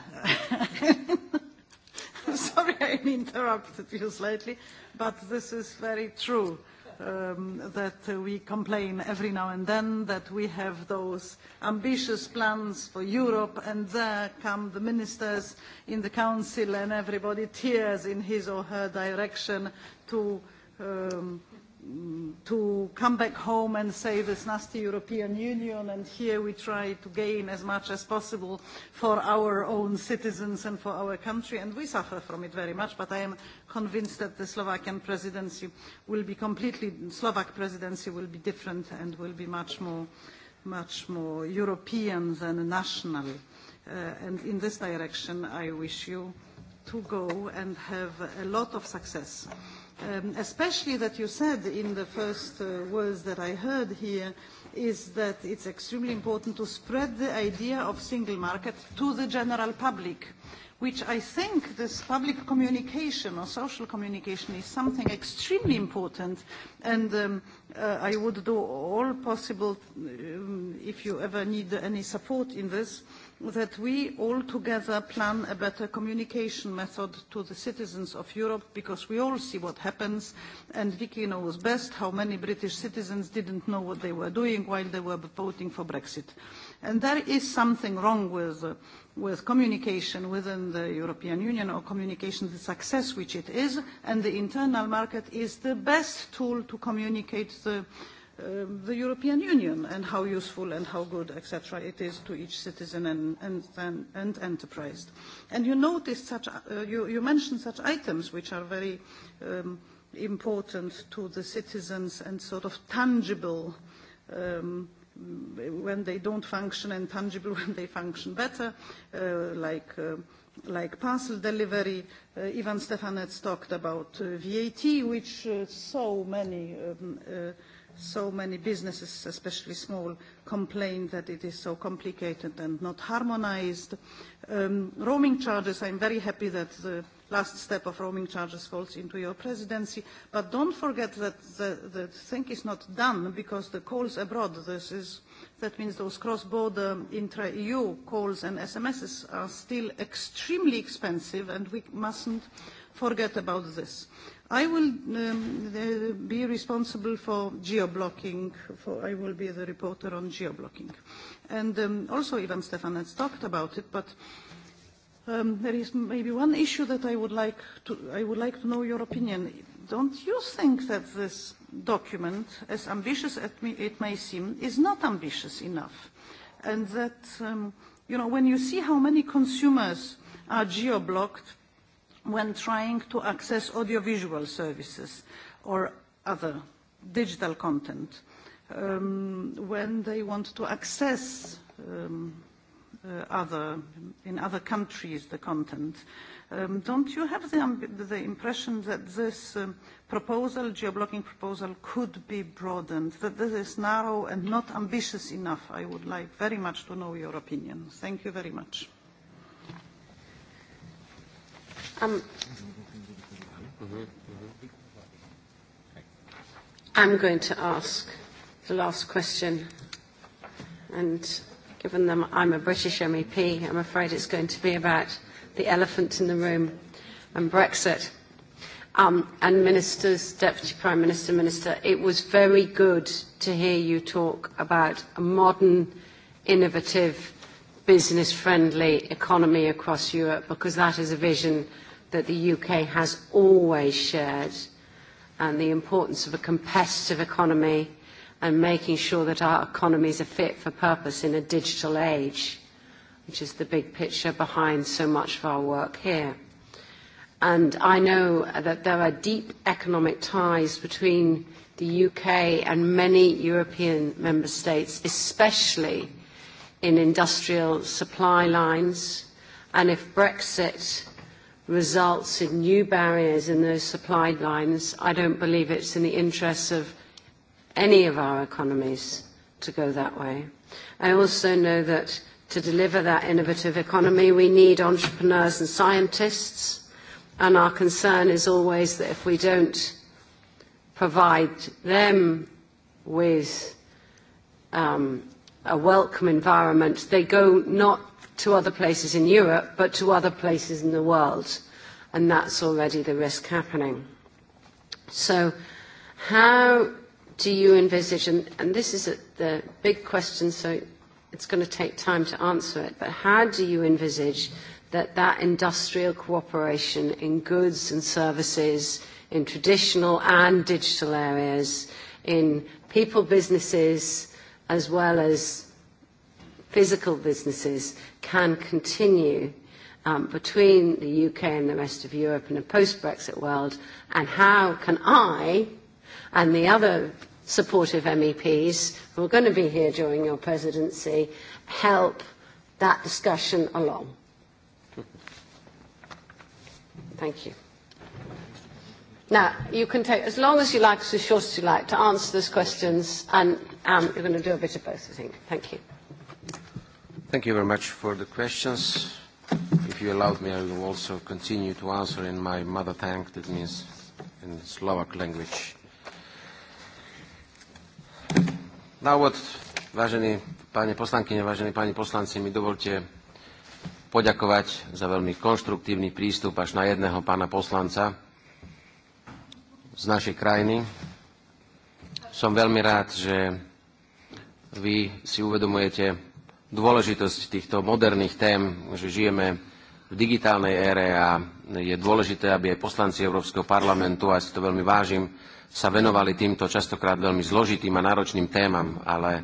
Sorry I interrupted you slightly, but this is very true. Uh, um, that we complain every now and then that we have those ambitious plans for Europe and there come the ministers in the council and everybody tears in his or her direction to um, to come back home and say this nasty European Union and here we try to gain as much as possible for our own citizens and for our country and we suffer from it very much but I am convinced that the Slovakian presidency will be completely, Slovak presidency will be different and will be much more, much more European than national uh, and in this direction I wish you to go and have a lot of success. Uh, um, especially that you said in the first uh, words that I heard here, is that it's extremely important to spread the idea of single market to the general public, which I think this public communication or social communication is something extremely important. And um, uh, I would do all possible, um, if you ever need any support in this, uh, that we all together plan a better communication method to the citizens of Europe because we all see what happens and Vicky knows best how many British citizens didn't know what they were doing while they were voting for Brexit. And there is something wrong with, uh, with communication within the European Union or communication, the success which it is, and the internal market is the best tool to communicate the uh, Um, the European Union and how useful and how good, etc., it is to each citizen and, and, and, and enterprise. And you noticed such, uh, you, you mentioned such items which are very um, important to the citizens and sort of tangible um, when they don't function and tangible when they function better, uh, like uh, like parcel delivery. Uh, Ivan Stefanets talked about uh, VAT, which uh, so many um, uh, so many businesses, especially small, complain that it is so complicated and not harmonized. Um, roaming charges, I'm very happy that the last step of roaming charges falls into your presidency, but don't forget that the, the thing is not done because the calls abroad, this is, that means those cross-border intra-EU calls and SMSs are still extremely expensive and we mustn't forget about this. I will um, be responsible for geo-blocking. For, I will be the reporter on geo-blocking. And um, also Ivan Stefanets talked about it, but um, there is maybe one issue that I would, like to, I would like to know your opinion. Don't you think that this document, as ambitious as it may seem, is not ambitious enough? And that, um, you know, when you see how many consumers are geo-blocked when trying to access audiovisual services or other digital content, um, when they want to access um, uh, other, in other countries the content. Um, don't you have the, um, the impression that this um, proposal, geoblocking proposal, could be broadened, that this is narrow and not ambitious enough? I would like very much to know your opinion. Thank you very much. I'm, mhm, mhm. I'm going to ask the last question. And given that I'm a British MEP, I'm afraid it's going to be about the elephant in the room and Brexit. Um, and ministers, Deputy Prime Minister, Minister, it was very good to hear you talk about a modern, innovative, business-friendly economy across Europe, because that is a vision that the UK has always shared and the importance of a competitive economy and making sure that our economies are fit for purpose in a digital age, which is the big picture behind so much of our work here. And I know that there are deep economic ties between the UK and many European member states, especially in industrial supply lines. And if Brexit results in new barriers in those supply lines, I don't believe it's in the interests of any of our economies to go that way. I also know that to deliver that innovative economy, we need entrepreneurs and scientists, and our concern is always that if we don't provide them with um, a welcome environment, they go not to other places in Europe, but to other places in the world. And that's already the risk happening. So how do you envisage, and, and this is a, the big question, so it's going to take time to answer it, but how do you envisage that that industrial cooperation in goods and services, in traditional and digital areas, in people businesses, as well as physical businesses can continue um, between the UK and the rest of Europe in a post-Brexit world, and how can I and the other supportive MEPs who are going to be here during your presidency help that discussion along? Thank you. Now, you can take as long as you like, as short as you like, to answer those questions, and um, you're going to do a bit of both, I think. Thank you. Thank you very much for the questions. If you allow me, I will also continue to answer in my mother tongue, that means in Slovak language. Na úvod, vážení páni poslankyne, vážení páni poslanci, mi dovolte poďakovať za veľmi konštruktívny prístup až na jedného pána poslanca z našej krajiny. Som veľmi rád, že vy si uvedomujete dôležitosť týchto moderných tém, že žijeme v digitálnej ére a je dôležité, aby aj poslanci Európskeho parlamentu, a ja si to veľmi vážim, sa venovali týmto častokrát veľmi zložitým a náročným témam, ale e,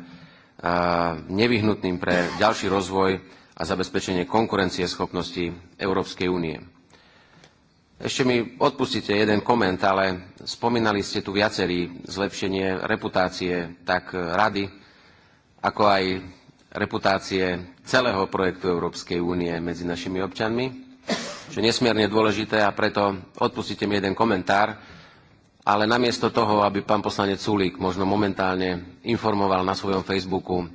nevyhnutným pre ďalší rozvoj a zabezpečenie konkurencieschopnosti Európskej únie. Ešte mi odpustite jeden koment, ale spomínali ste tu viacerí zlepšenie reputácie tak rady, ako aj reputácie celého projektu Európskej únie medzi našimi občanmi, čo je nesmierne dôležité a preto odpustite mi jeden komentár, ale namiesto toho, aby pán poslanec Sulík možno momentálne informoval na svojom Facebooku,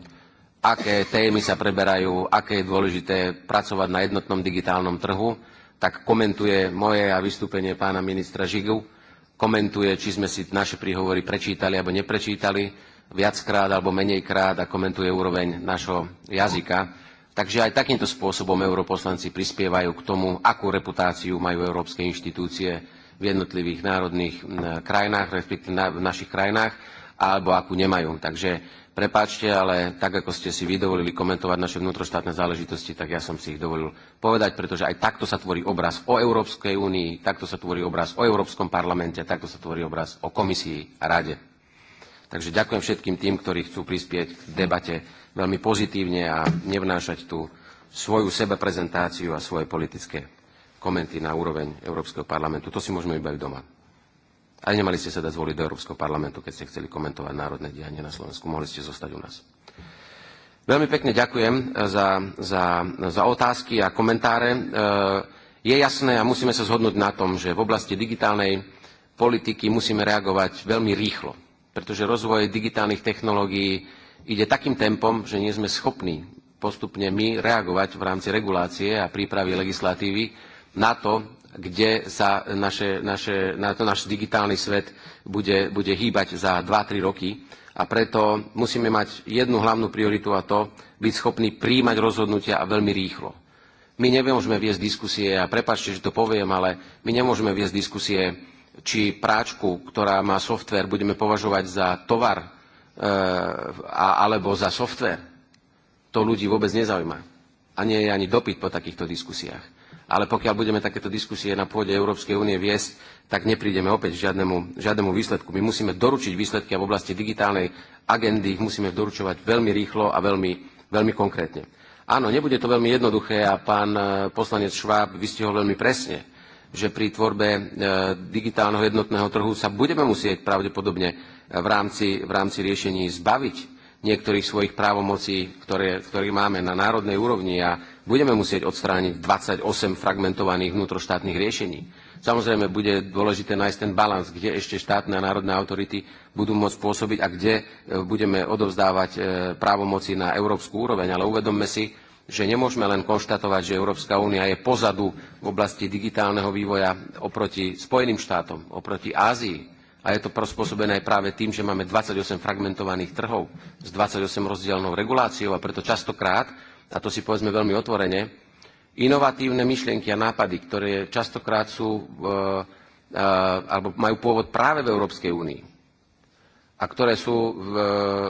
aké témy sa preberajú, aké je dôležité pracovať na jednotnom digitálnom trhu, tak komentuje moje a vystúpenie pána ministra Žigu, komentuje, či sme si naše príhovory prečítali alebo neprečítali, viackrát alebo menejkrát a komentuje úroveň našho jazyka. Takže aj takýmto spôsobom europoslanci prispievajú k tomu, akú reputáciu majú európske inštitúcie v jednotlivých národných krajinách, respektíve v našich krajinách, alebo akú nemajú. Takže prepáčte, ale tak, ako ste si vydovolili komentovať naše vnútroštátne záležitosti, tak ja som si ich dovolil povedať, pretože aj takto sa tvorí obraz o Európskej únii, takto sa tvorí obraz o Európskom parlamente, takto sa tvorí obraz o komisii a rade. Takže ďakujem všetkým tým, ktorí chcú prispieť k debate veľmi pozitívne a nevnášať tú svoju sebeprezentáciu a svoje politické komenty na úroveň Európskeho parlamentu. To si môžeme vybaviť doma. Aj nemali ste sa dať zvoliť do Európskeho parlamentu, keď ste chceli komentovať národné dianie na Slovensku. Mohli ste zostať u nás. Veľmi pekne ďakujem za, za, za otázky a komentáre. E, je jasné a musíme sa zhodnúť na tom, že v oblasti digitálnej politiky musíme reagovať veľmi rýchlo pretože rozvoj digitálnych technológií ide takým tempom, že nie sme schopní postupne my reagovať v rámci regulácie a prípravy legislatívy na to, kde sa naše, naše, na to náš digitálny svet bude, bude hýbať za 2-3 roky. A preto musíme mať jednu hlavnú prioritu a to byť schopní príjmať rozhodnutia a veľmi rýchlo. My nemôžeme viesť diskusie, a prepačte, že to poviem, ale my nemôžeme viesť diskusie či práčku, ktorá má software, budeme považovať za tovar e, a, alebo za software, to ľudí vôbec nezaujíma. A nie je ani dopyt po takýchto diskusiách. Ale pokiaľ budeme takéto diskusie na pôde Európskej únie viesť, tak neprídeme opäť žiadnemu, žiadnemu výsledku. My musíme doručiť výsledky a v oblasti digitálnej agendy ich musíme doručovať veľmi rýchlo a veľmi, veľmi konkrétne. Áno, nebude to veľmi jednoduché a pán eh, poslanec Šváb vystihol veľmi presne že pri tvorbe eh, digitálneho jednotného trhu sa budeme musieť pravdepodobne eh, v rámci, v rámci riešení zbaviť niektorých svojich právomocí, ktoré, ktoré máme na národnej úrovni a budeme musieť odstrániť 28 fragmentovaných vnútroštátnych riešení. Samozrejme, bude dôležité nájsť ten balans, kde ešte štátne a národné autority budú môcť pôsobiť a kde eh, budeme odovzdávať právomoci na európsku úroveň. Ale uvedomme si, že nemôžeme len konštatovať, že Európska únia je pozadu v oblasti digitálneho vývoja oproti Spojeným štátom, oproti Ázii. A je to prospôsobené aj práve tým, že máme 28 fragmentovaných trhov s 28 rozdielnou reguláciou a preto častokrát, a to si povedzme veľmi otvorene, inovatívne myšlienky a nápady, ktoré častokrát sú e, e, alebo majú pôvod práve v Európskej únii a ktoré sú, v, e,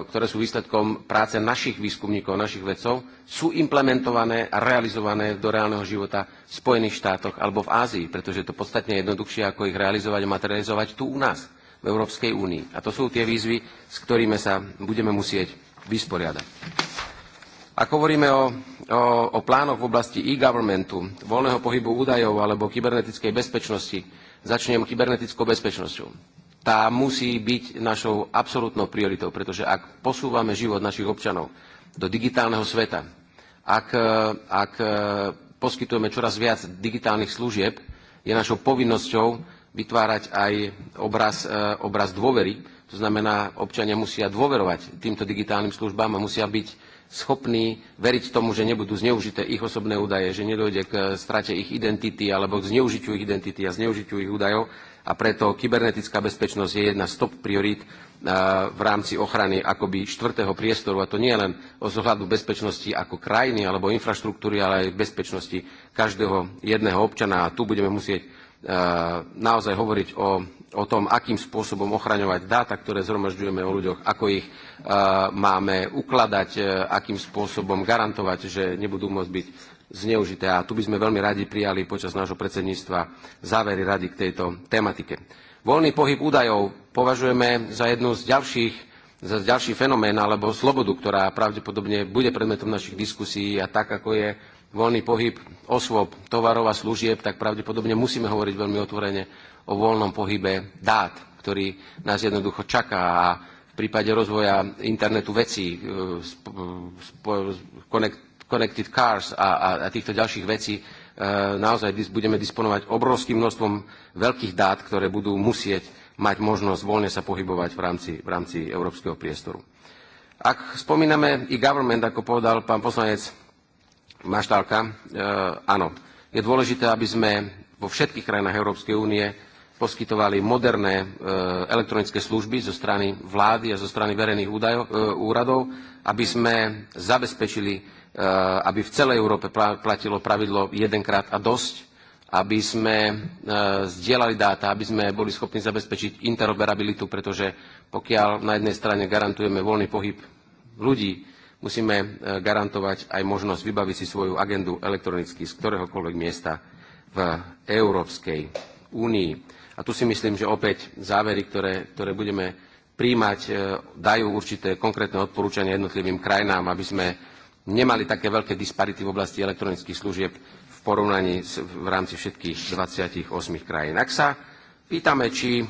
ktoré sú výsledkom práce našich výskumníkov, našich vedcov, sú implementované a realizované do reálneho života v Spojených štátoch alebo v Ázii, pretože to podstatne je jednoduchšie, ako ich realizovať a materializovať tu u nás, v Európskej únii. A to sú tie výzvy, s ktorými sa budeme musieť vysporiadať. Ak hovoríme o, o, o plánoch v oblasti e-governmentu, voľného pohybu údajov alebo kybernetickej bezpečnosti, začnem kybernetickou bezpečnosťou tá musí byť našou absolútnou prioritou, pretože ak posúvame život našich občanov do digitálneho sveta, ak, e, ak e, poskytujeme čoraz viac digitálnych služieb, je našou povinnosťou vytvárať aj obraz, e, obraz dôvery. To znamená, občania musia dôverovať týmto digitálnym službám a musia byť schopní veriť tomu, že nebudú zneužité ich osobné údaje, že nedojde k strate ich identity alebo k zneužitiu ich identity a zneužitiu ich údajov a preto kybernetická bezpečnosť je jedna z top priorít v rámci ochrany akoby štvrtého priestoru, a to nie len o zohľadu bezpečnosti ako krajiny alebo infraštruktúry, ale aj bezpečnosti každého jedného občana. A tu budeme musieť naozaj hovoriť o, o tom, akým spôsobom ochraňovať dáta, ktoré zhromažďujeme o ľuďoch, ako ich máme ukladať, akým spôsobom garantovať, že nebudú môcť byť zneužité. A tu by sme veľmi radi prijali počas nášho predsedníctva závery rady k tejto tematike. Voľný pohyb údajov považujeme za jednu z ďalších za ďalší fenomén alebo slobodu, ktorá pravdepodobne bude predmetom našich diskusí a tak, ako je voľný pohyb osôb, tovarov a služieb, tak pravdepodobne musíme hovoriť veľmi otvorene o voľnom pohybe dát, ktorý nás jednoducho čaká a v prípade rozvoja internetu vecí, e, connected cars a, a, a týchto ďalších vecí, e, naozaj budeme disponovať obrovským množstvom veľkých dát, ktoré budú musieť mať možnosť voľne sa pohybovať v rámci, v rámci európskeho priestoru. Ak spomíname i government, ako povedal pán poslanec Maštálka, e, áno, je dôležité, aby sme vo všetkých krajinách Európskej únie poskytovali moderné e, elektronické služby zo strany vlády a zo strany verejných údajov, e, úradov, aby sme zabezpečili Eh, aby v celej Európe platilo pravidlo jedenkrát a dosť, aby sme eh, zdieľali dáta, aby sme boli schopní zabezpečiť interoperabilitu, pretože pokiaľ na jednej strane garantujeme voľný pohyb ľudí, musíme eh, garantovať aj možnosť vybaviť si svoju agendu elektronicky z ktoréhokoľvek miesta v Európskej únii. A tu si myslím, že opäť závery, ktoré, ktoré budeme príjmať, dajú určité konkrétne odporúčania jednotlivým krajinám, aby sme nemali také veľké disparity v oblasti elektronických služieb v porovnaní s, v rámci všetkých 28 krajín. Ak sa pýtame, či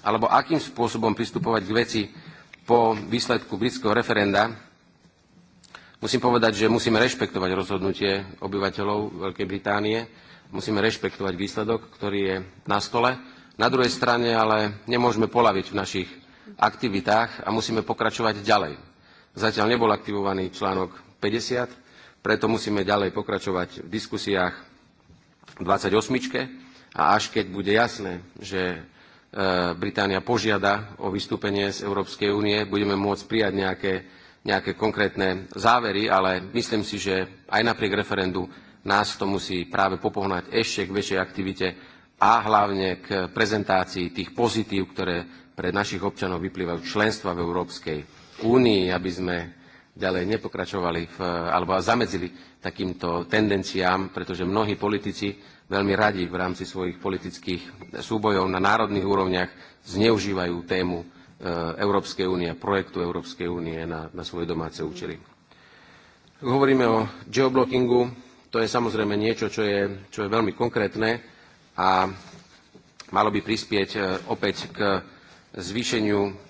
alebo akým spôsobom pristupovať k veci po výsledku britského referenda, musím povedať, že musíme rešpektovať rozhodnutie obyvateľov Veľkej Británie, musíme rešpektovať výsledok, ktorý je na stole. Na druhej strane ale nemôžeme polaviť v našich aktivitách a musíme pokračovať ďalej. Zatiaľ nebol aktivovaný článok 50, preto musíme ďalej pokračovať v diskusiách v 28. A až keď bude jasné, že e, Británia požiada o vystúpenie z Európskej únie, budeme môcť prijať nejaké, nejaké konkrétne závery, ale myslím si, že aj napriek referendu nás to musí práve popohnať ešte k väčšej aktivite a hlavne k prezentácii tých pozitív, ktoré pre našich občanov vyplývajú členstva v Európskej únii, aby sme ďalej nepokračovali v, eh, alebo zamedzili takýmto tendenciám, pretože mnohí politici veľmi radi v rámci svojich politických súbojov na národných úrovniach zneužívajú tému eh, Európskej únie, projektu Európskej únie na, na svoje domáce účely. Hovoríme o geoblockingu, to je samozrejme niečo, čo je, čo je veľmi konkrétne a malo by prispieť eh, opäť k zvýšeniu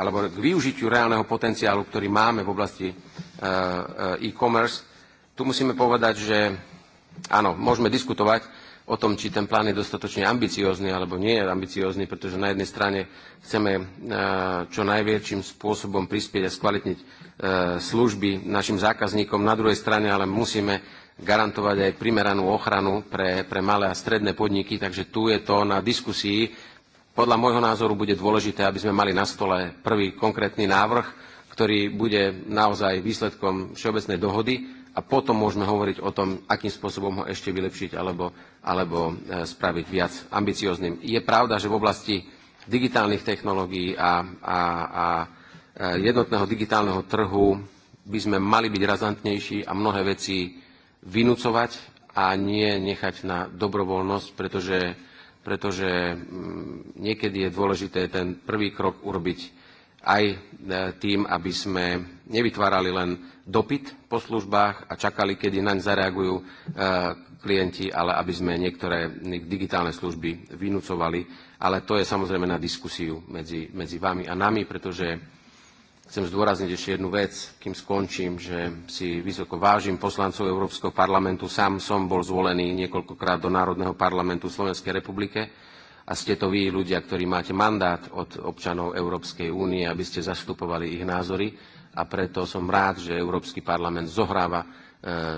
alebo k využitiu reálneho potenciálu, ktorý máme v oblasti e, e, e-commerce, tu musíme povedať, že áno, môžeme diskutovať o tom, či ten plán je dostatočne ambiciózny alebo nie je ambiciózny, pretože na jednej strane chceme e, čo najväčším spôsobom prispieť a skvalitniť služby našim zákazníkom, na druhej strane ale musíme garantovať aj primeranú ochranu pre, pre malé a stredné podniky, takže tu je to na diskusii, Podľa môjho názoru bude dôležité, aby sme mali na stole prvý konkrétny návrh, ktorý bude naozaj výsledkom všeobecnej dohody a potom môžeme hovoriť o tom, akým spôsobom ho ešte vylepšiť alebo, alebo e, spraviť viac ambiciozným. Je pravda, že v oblasti digitálnych technológií a, a, a e, jednotného digitálneho trhu by sme mali byť razantnejší a mnohé veci vynúcovať a nie nechať na dobrovoľnosť, pretože pretože mm, niekedy je dôležité ten prvý krok urobiť aj e, tým, aby sme nevytvárali len dopyt po službách a čakali, kedy naň zareagujú e, klienti, ale aby sme niektoré digitálne služby vynúcovali. Ale to je samozrejme na diskusiu medzi, medzi vami a nami, pretože Chcem zdôrazniť ešte jednu vec, kým skončím, že si vysoko vážim poslancov Európskeho parlamentu. Sám som bol zvolený niekoľkokrát do Národného parlamentu Slovenskej republike a ste to vy, ľudia, ktorí máte mandát od občanov Európskej únie, aby ste zastupovali ich názory a preto som rád, že Európsky parlament zohráva e,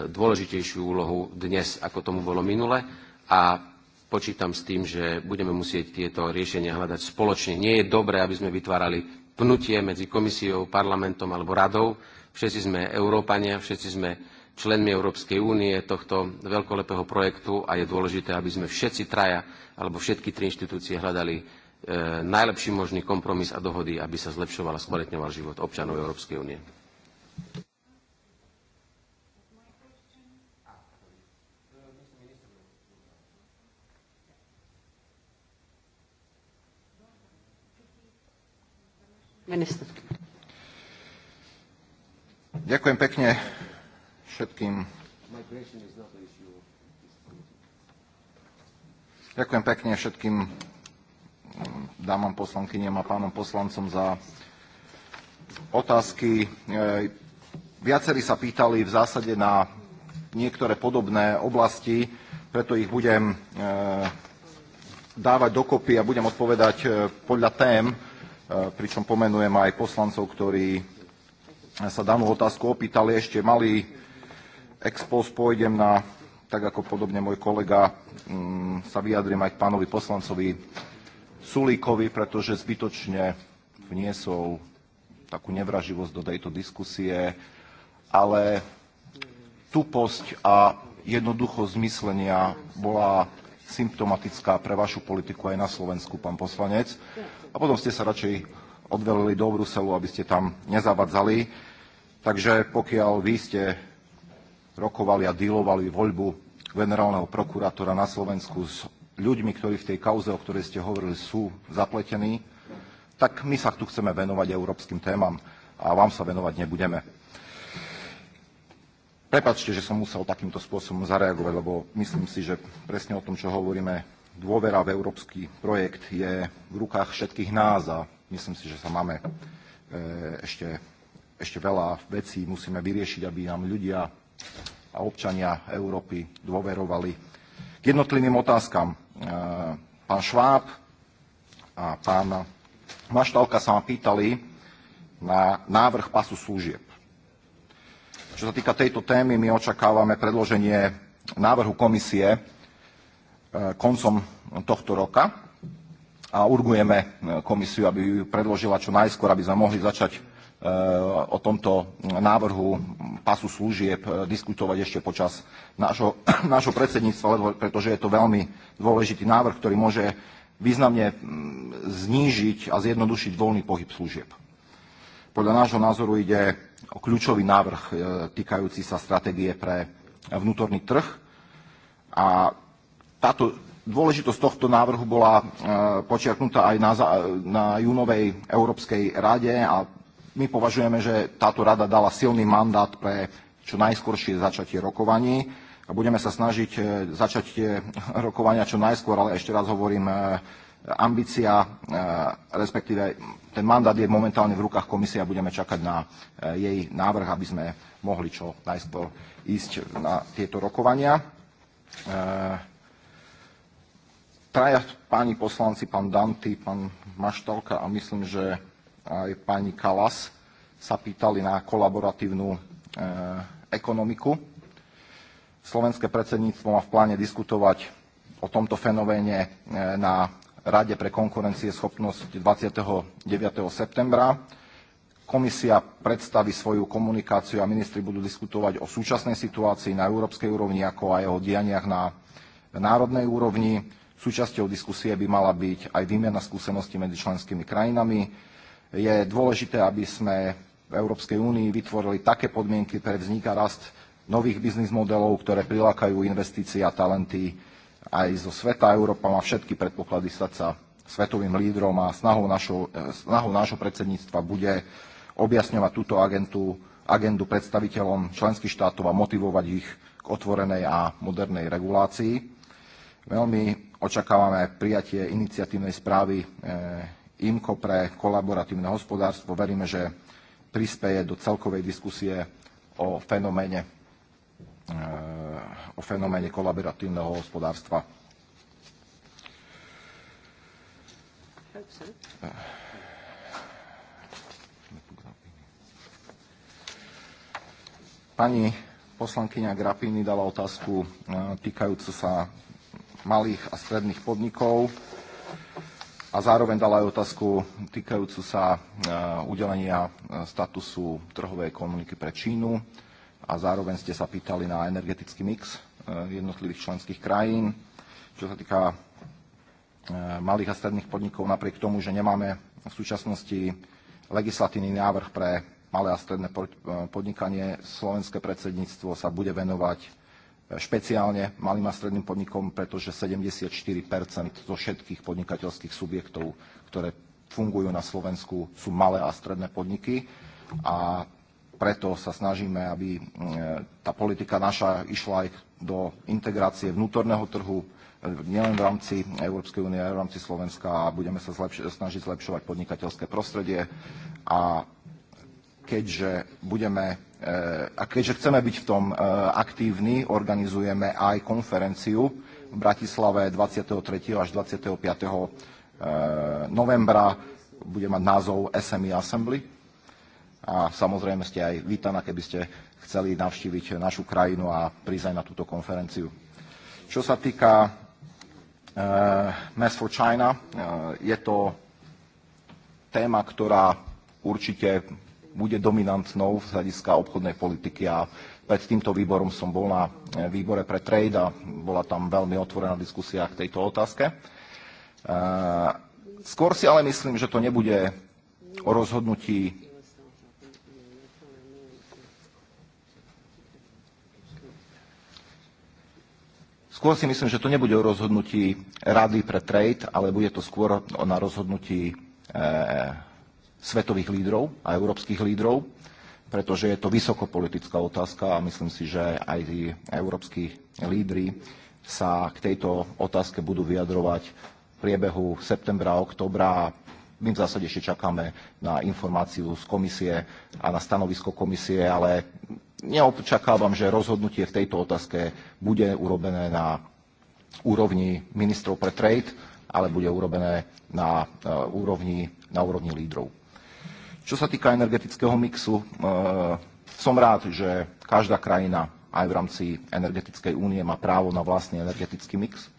dôležitejšiu úlohu dnes, ako tomu bolo minule a počítam s tým, že budeme musieť tieto riešenia hľadať spoločne. Nie je dobré, aby sme vytvárali pnutie medzi komisiou, parlamentom alebo radou. Všetci sme Európania, všetci sme členmi Európskej únie tohto veľkolepého projektu a je dôležité, aby sme všetci traja alebo všetky tri inštitúcie hľadali e, najlepší možný kompromis a dohody, aby sa zlepšoval a skvalitňoval život občanov Európskej únie. Minister. Ďakujem pekne všetkým. Ďakujem pekne všetkým mm, dámam poslankyniam a pánom poslancom za otázky. E, viacerí sa pýtali v zásade na niektoré podobné oblasti, preto ich budem e, dávať dokopy a budem odpovedať e, podľa tém, Eh, pričom pomenujem aj poslancov, ktorí sa danú otázku opýtali, ešte malý expos pôjdem na, tak ako podobne môj kolega, m, mm, sa vyjadrím aj k pánovi poslancovi Sulíkovi, pretože zbytočne vniesol takú nevraživosť do tejto diskusie, ale tuposť a jednoduchosť myslenia bola symptomatická pre vašu politiku aj na Slovensku, pán poslanec. A potom ste sa radšej odvelili do Bruselu, aby ste tam nezavadzali. Takže pokiaľ vy ste rokovali a dílovali voľbu generálneho prokurátora na Slovensku s ľuďmi, ktorí v tej kauze, o ktorej ste hovorili, sú zapletení, tak my sa tu chceme venovať európskym témam a vám sa venovať nebudeme. Prepačte, že som musel takýmto spôsobom zareagovať, lebo myslím si, že presne o tom, čo hovoríme, dôvera v európsky projekt je v rukách všetkých nás a myslím si, že sa máme e, ešte, ešte veľa vecí musíme vyriešiť, aby nám ľudia a občania Európy dôverovali. K jednotlivým otázkam. E, pán Šváb a pán Maštalka sa ma pýtali na návrh pasu služieb. Čo sa týka tejto témy, my očakávame predloženie návrhu komisie e, koncom tohto roka a urgujeme e, komisiu, aby ju predložila čo najskôr, aby sme mohli začať e, o tomto návrhu pasu služieb diskutovať ešte počas nášho, nášho predsedníctva, pretože je to veľmi dôležitý návrh, ktorý môže významne mm, znížiť a zjednodušiť voľný pohyb služieb. Podľa nášho názoru ide o kľúčový návrh e, týkajúci sa stratégie pre vnútorný trh a táto Dôležitosť tohto návrhu bola e, počiarknutá aj na, na júnovej Európskej rade a my považujeme, že táto rada dala silný mandát pre čo najskoršie začatie rokovaní a budeme sa snažiť e, začať tie rokovania čo najskôr, ale ešte raz hovorím, ambícia, e, respektíve ten mandát je momentálne v rukách komisie a budeme čakať na e, jej návrh, aby sme mohli čo najskôr ísť na tieto rokovania. E, traja páni poslanci, pán Danty, pán Maštalka a myslím, že aj pani Kalas sa pýtali na kolaboratívnu ekonomiku. Slovenské predsedníctvo má v pláne diskutovať o tomto fenoméne na Rade pre konkurencieschopnosť 29. septembra. Komisia predstaví svoju komunikáciu a ministri budú diskutovať o súčasnej situácii na európskej úrovni, ako aj o dianiach na národnej úrovni. Súčasťou diskusie by mala byť aj výmena skúseností medzi členskými krajinami. Je dôležité, aby sme v Európskej únii vytvorili také podmienky pre vznik a rast nových biznis modelov, ktoré prilákajú investície a talenty aj zo sveta. Európa má všetky predpoklady stať sa svetovým lídrom a snahou, našo, e, snahou nášho predsedníctva bude objasňovať túto agentu, agendu predstaviteľom členských štátov a motivovať ich k otvorenej a modernej regulácii. Veľmi očakávame prijatie iniciatívnej správy e, IMCO pre kolaboratívne hospodárstvo. Veríme, že prispeje do celkovej diskusie o fenoméne Eh, o fenoméne kolaboratívneho hospodárstva. Pani poslankyňa Grapíny dala otázku eh, týkajúcu sa malých a stredných podnikov a zároveň dala aj otázku týkajúcu sa eh, udelenia statusu trhovej ekonomiky pre Čínu a zároveň ste sa pýtali na energetický mix e, jednotlivých členských krajín. Čo sa týka e, malých a stredných podnikov, napriek tomu, že nemáme v súčasnosti legislatívny návrh pre malé a stredné e, podnikanie, slovenské predsedníctvo sa bude venovať špeciálne malým a stredným podnikom, pretože 74 zo všetkých podnikateľských subjektov, ktoré fungujú na Slovensku, sú malé a stredné podniky. A preto sa snažíme, aby e, tá politika naša išla aj do integrácie vnútorného trhu, e, nielen v rámci Európskej únie, aj v rámci Slovenska a budeme sa zlepš- snažiť zlepšovať podnikateľské prostredie. A keďže budeme e, a keďže chceme byť v tom aktívni, organizujeme aj konferenciu v Bratislave 23. až 25. novembra. Bude mať názov SME Assembly a samozrejme ste aj vítaná, keby ste chceli navštíviť našu krajinu a prísť aj na túto konferenciu. Čo sa týka uh, Mass for China, uh, je to téma, ktorá určite bude dominantnou z hľadiska obchodnej politiky a pred týmto výborom som bol na eh, výbore pre trade a bola tam veľmi otvorená diskusia k tejto otázke. Uh, skôr si ale myslím, že to nebude o rozhodnutí Skôr si myslím, že to nebude o rozhodnutí Rady pre trade, ale bude to skôr na rozhodnutí e, svetových lídrov a európskych lídrov, pretože je to vysokopolitická otázka a myslím si, že aj tí európsky lídry sa k tejto otázke budú vyjadrovať v priebehu septembra a oktobra a my v zásade ešte čakáme na informáciu z komisie a na stanovisko komisie, ale neočakávam, že rozhodnutie v tejto otázke bude urobené na úrovni ministrov pre trade, ale bude urobené na eh, úrovni, na úrovni lídrov. Čo sa týka energetického mixu, eh, som rád, že každá krajina aj v rámci energetickej únie má právo na vlastný energetický mix,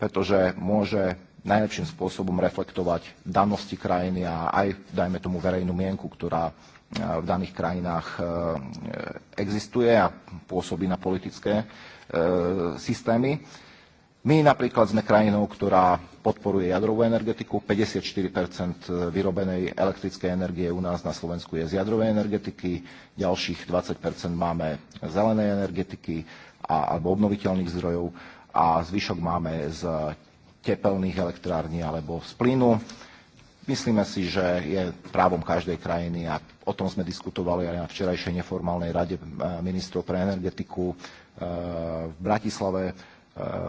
pretože môže najlepším spôsobom reflektovať danosti krajiny a aj, dajme tomu, verejnú mienku, ktorá v daných krajinách existuje a pôsobí na politické e, systémy. My napríklad sme krajinou, ktorá podporuje jadrovú energetiku. 54 vyrobenej elektrickej energie u nás na Slovensku je z jadrovej energetiky, ďalších 20 máme zelenej energetiky a, alebo obnoviteľných zdrojov a zvyšok máme z tepelných elektrární alebo z plynu. Uh, Myslíme si, že je právom každej krajiny a o tom sme diskutovali aj na včerajšej neformálnej rade eh, ministrov pre energetiku eh, v Bratislave. Eh,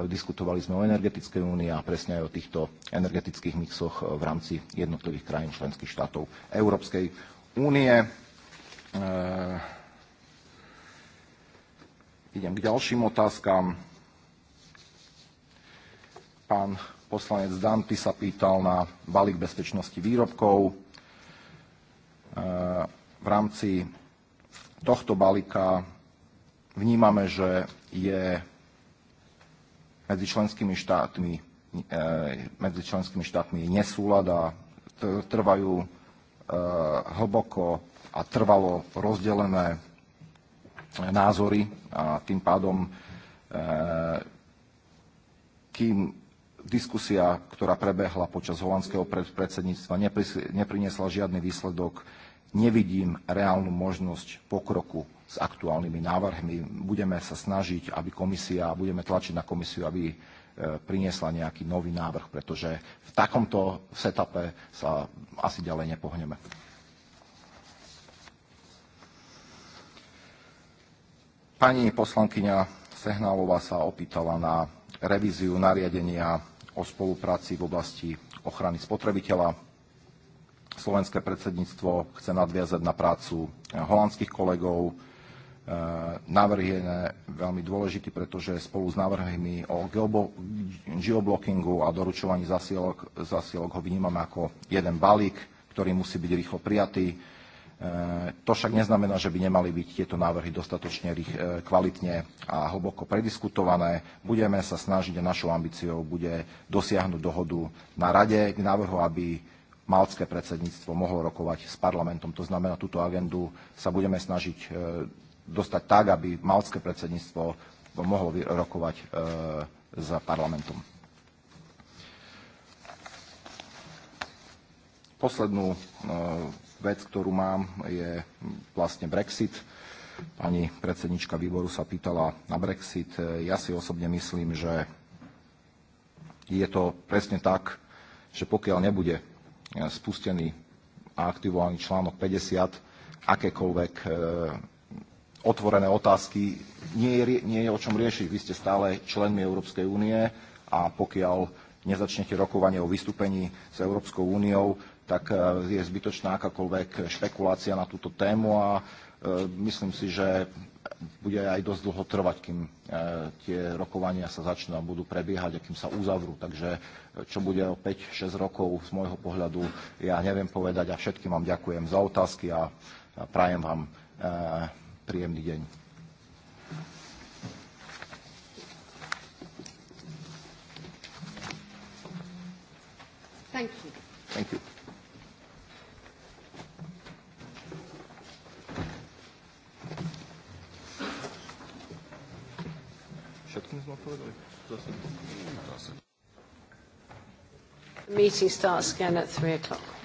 diskutovali sme o energetickej únii a presne aj o týchto energetických mixoch v rámci jednotlivých krajín členských štátov Európskej únie. Idem k ďalším otázkam. Pán poslanec Danty sa pýtal na balík bezpečnosti výrobkov. E, v rámci tohto balíka vnímame, že je medzi členskými štátmi, e, medzi členskými štátmi je nesúlad a trvajú e, hlboko a trvalo rozdelené názory a tým pádom kým Diskusia, ktorá prebehla počas holandského predsedníctva, nepriniesla žiadny výsledok. Nevidím reálnu možnosť pokroku s aktuálnymi návrhmi. Budeme sa snažiť, aby komisia, budeme tlačiť na komisiu, aby e, priniesla nejaký nový návrh, pretože v takomto setupe sa asi ďalej nepohneme. Pani poslankyňa Sehnálová sa opýtala na revíziu nariadenia o spolupráci v oblasti ochrany spotrebiteľa. Slovenské predsedníctvo chce nadviazať na prácu eh, holandských kolegov. Eh, návrh je veľmi dôležitý, pretože spolu s návrhmi o geoblockingu a doručovaní zasielok, zasielok ho vnímame ako jeden balík, ktorý musí byť rýchlo prijatý E, to však neznamená, že by nemali byť tieto návrhy dostatočne rých, e, kvalitne a hlboko prediskutované. Budeme sa snažiť a našou ambíciou bude dosiahnuť dohodu na rade k návrhu, aby maltské predsedníctvo mohlo rokovať s parlamentom. To znamená, túto agendu sa budeme snažiť e, dostať tak, aby maltské predsedníctvo mohlo rokovať s parlamentom. Poslednú vec, ktorú mám, je vlastne Brexit. Pani predsednička výboru sa pýtala na Brexit. Ja si osobne myslím, že je to presne tak, že pokiaľ nebude spustený a aktivovaný článok 50, akékoľvek e, otvorené otázky, nie je, nie je o čom riešiť. Vy ste stále členmi Európskej únie a pokiaľ nezačnete rokovanie o vystúpení s Európskou úniou, tak e, je zbytočná akákoľvek špekulácia na túto tému a e, myslím si, že bude aj dosť dlho trvať, kým e, tie rokovania sa začnú a budú prebiehať a kým sa uzavrú. Takže čo bude o 5-6 rokov z môjho pohľadu, ja neviem povedať a všetkým vám ďakujem za otázky a prajem vám príjemný deň. Thank you. Thank you. Šatkins man pavadīja. Meeting starts again at 3 o'clock.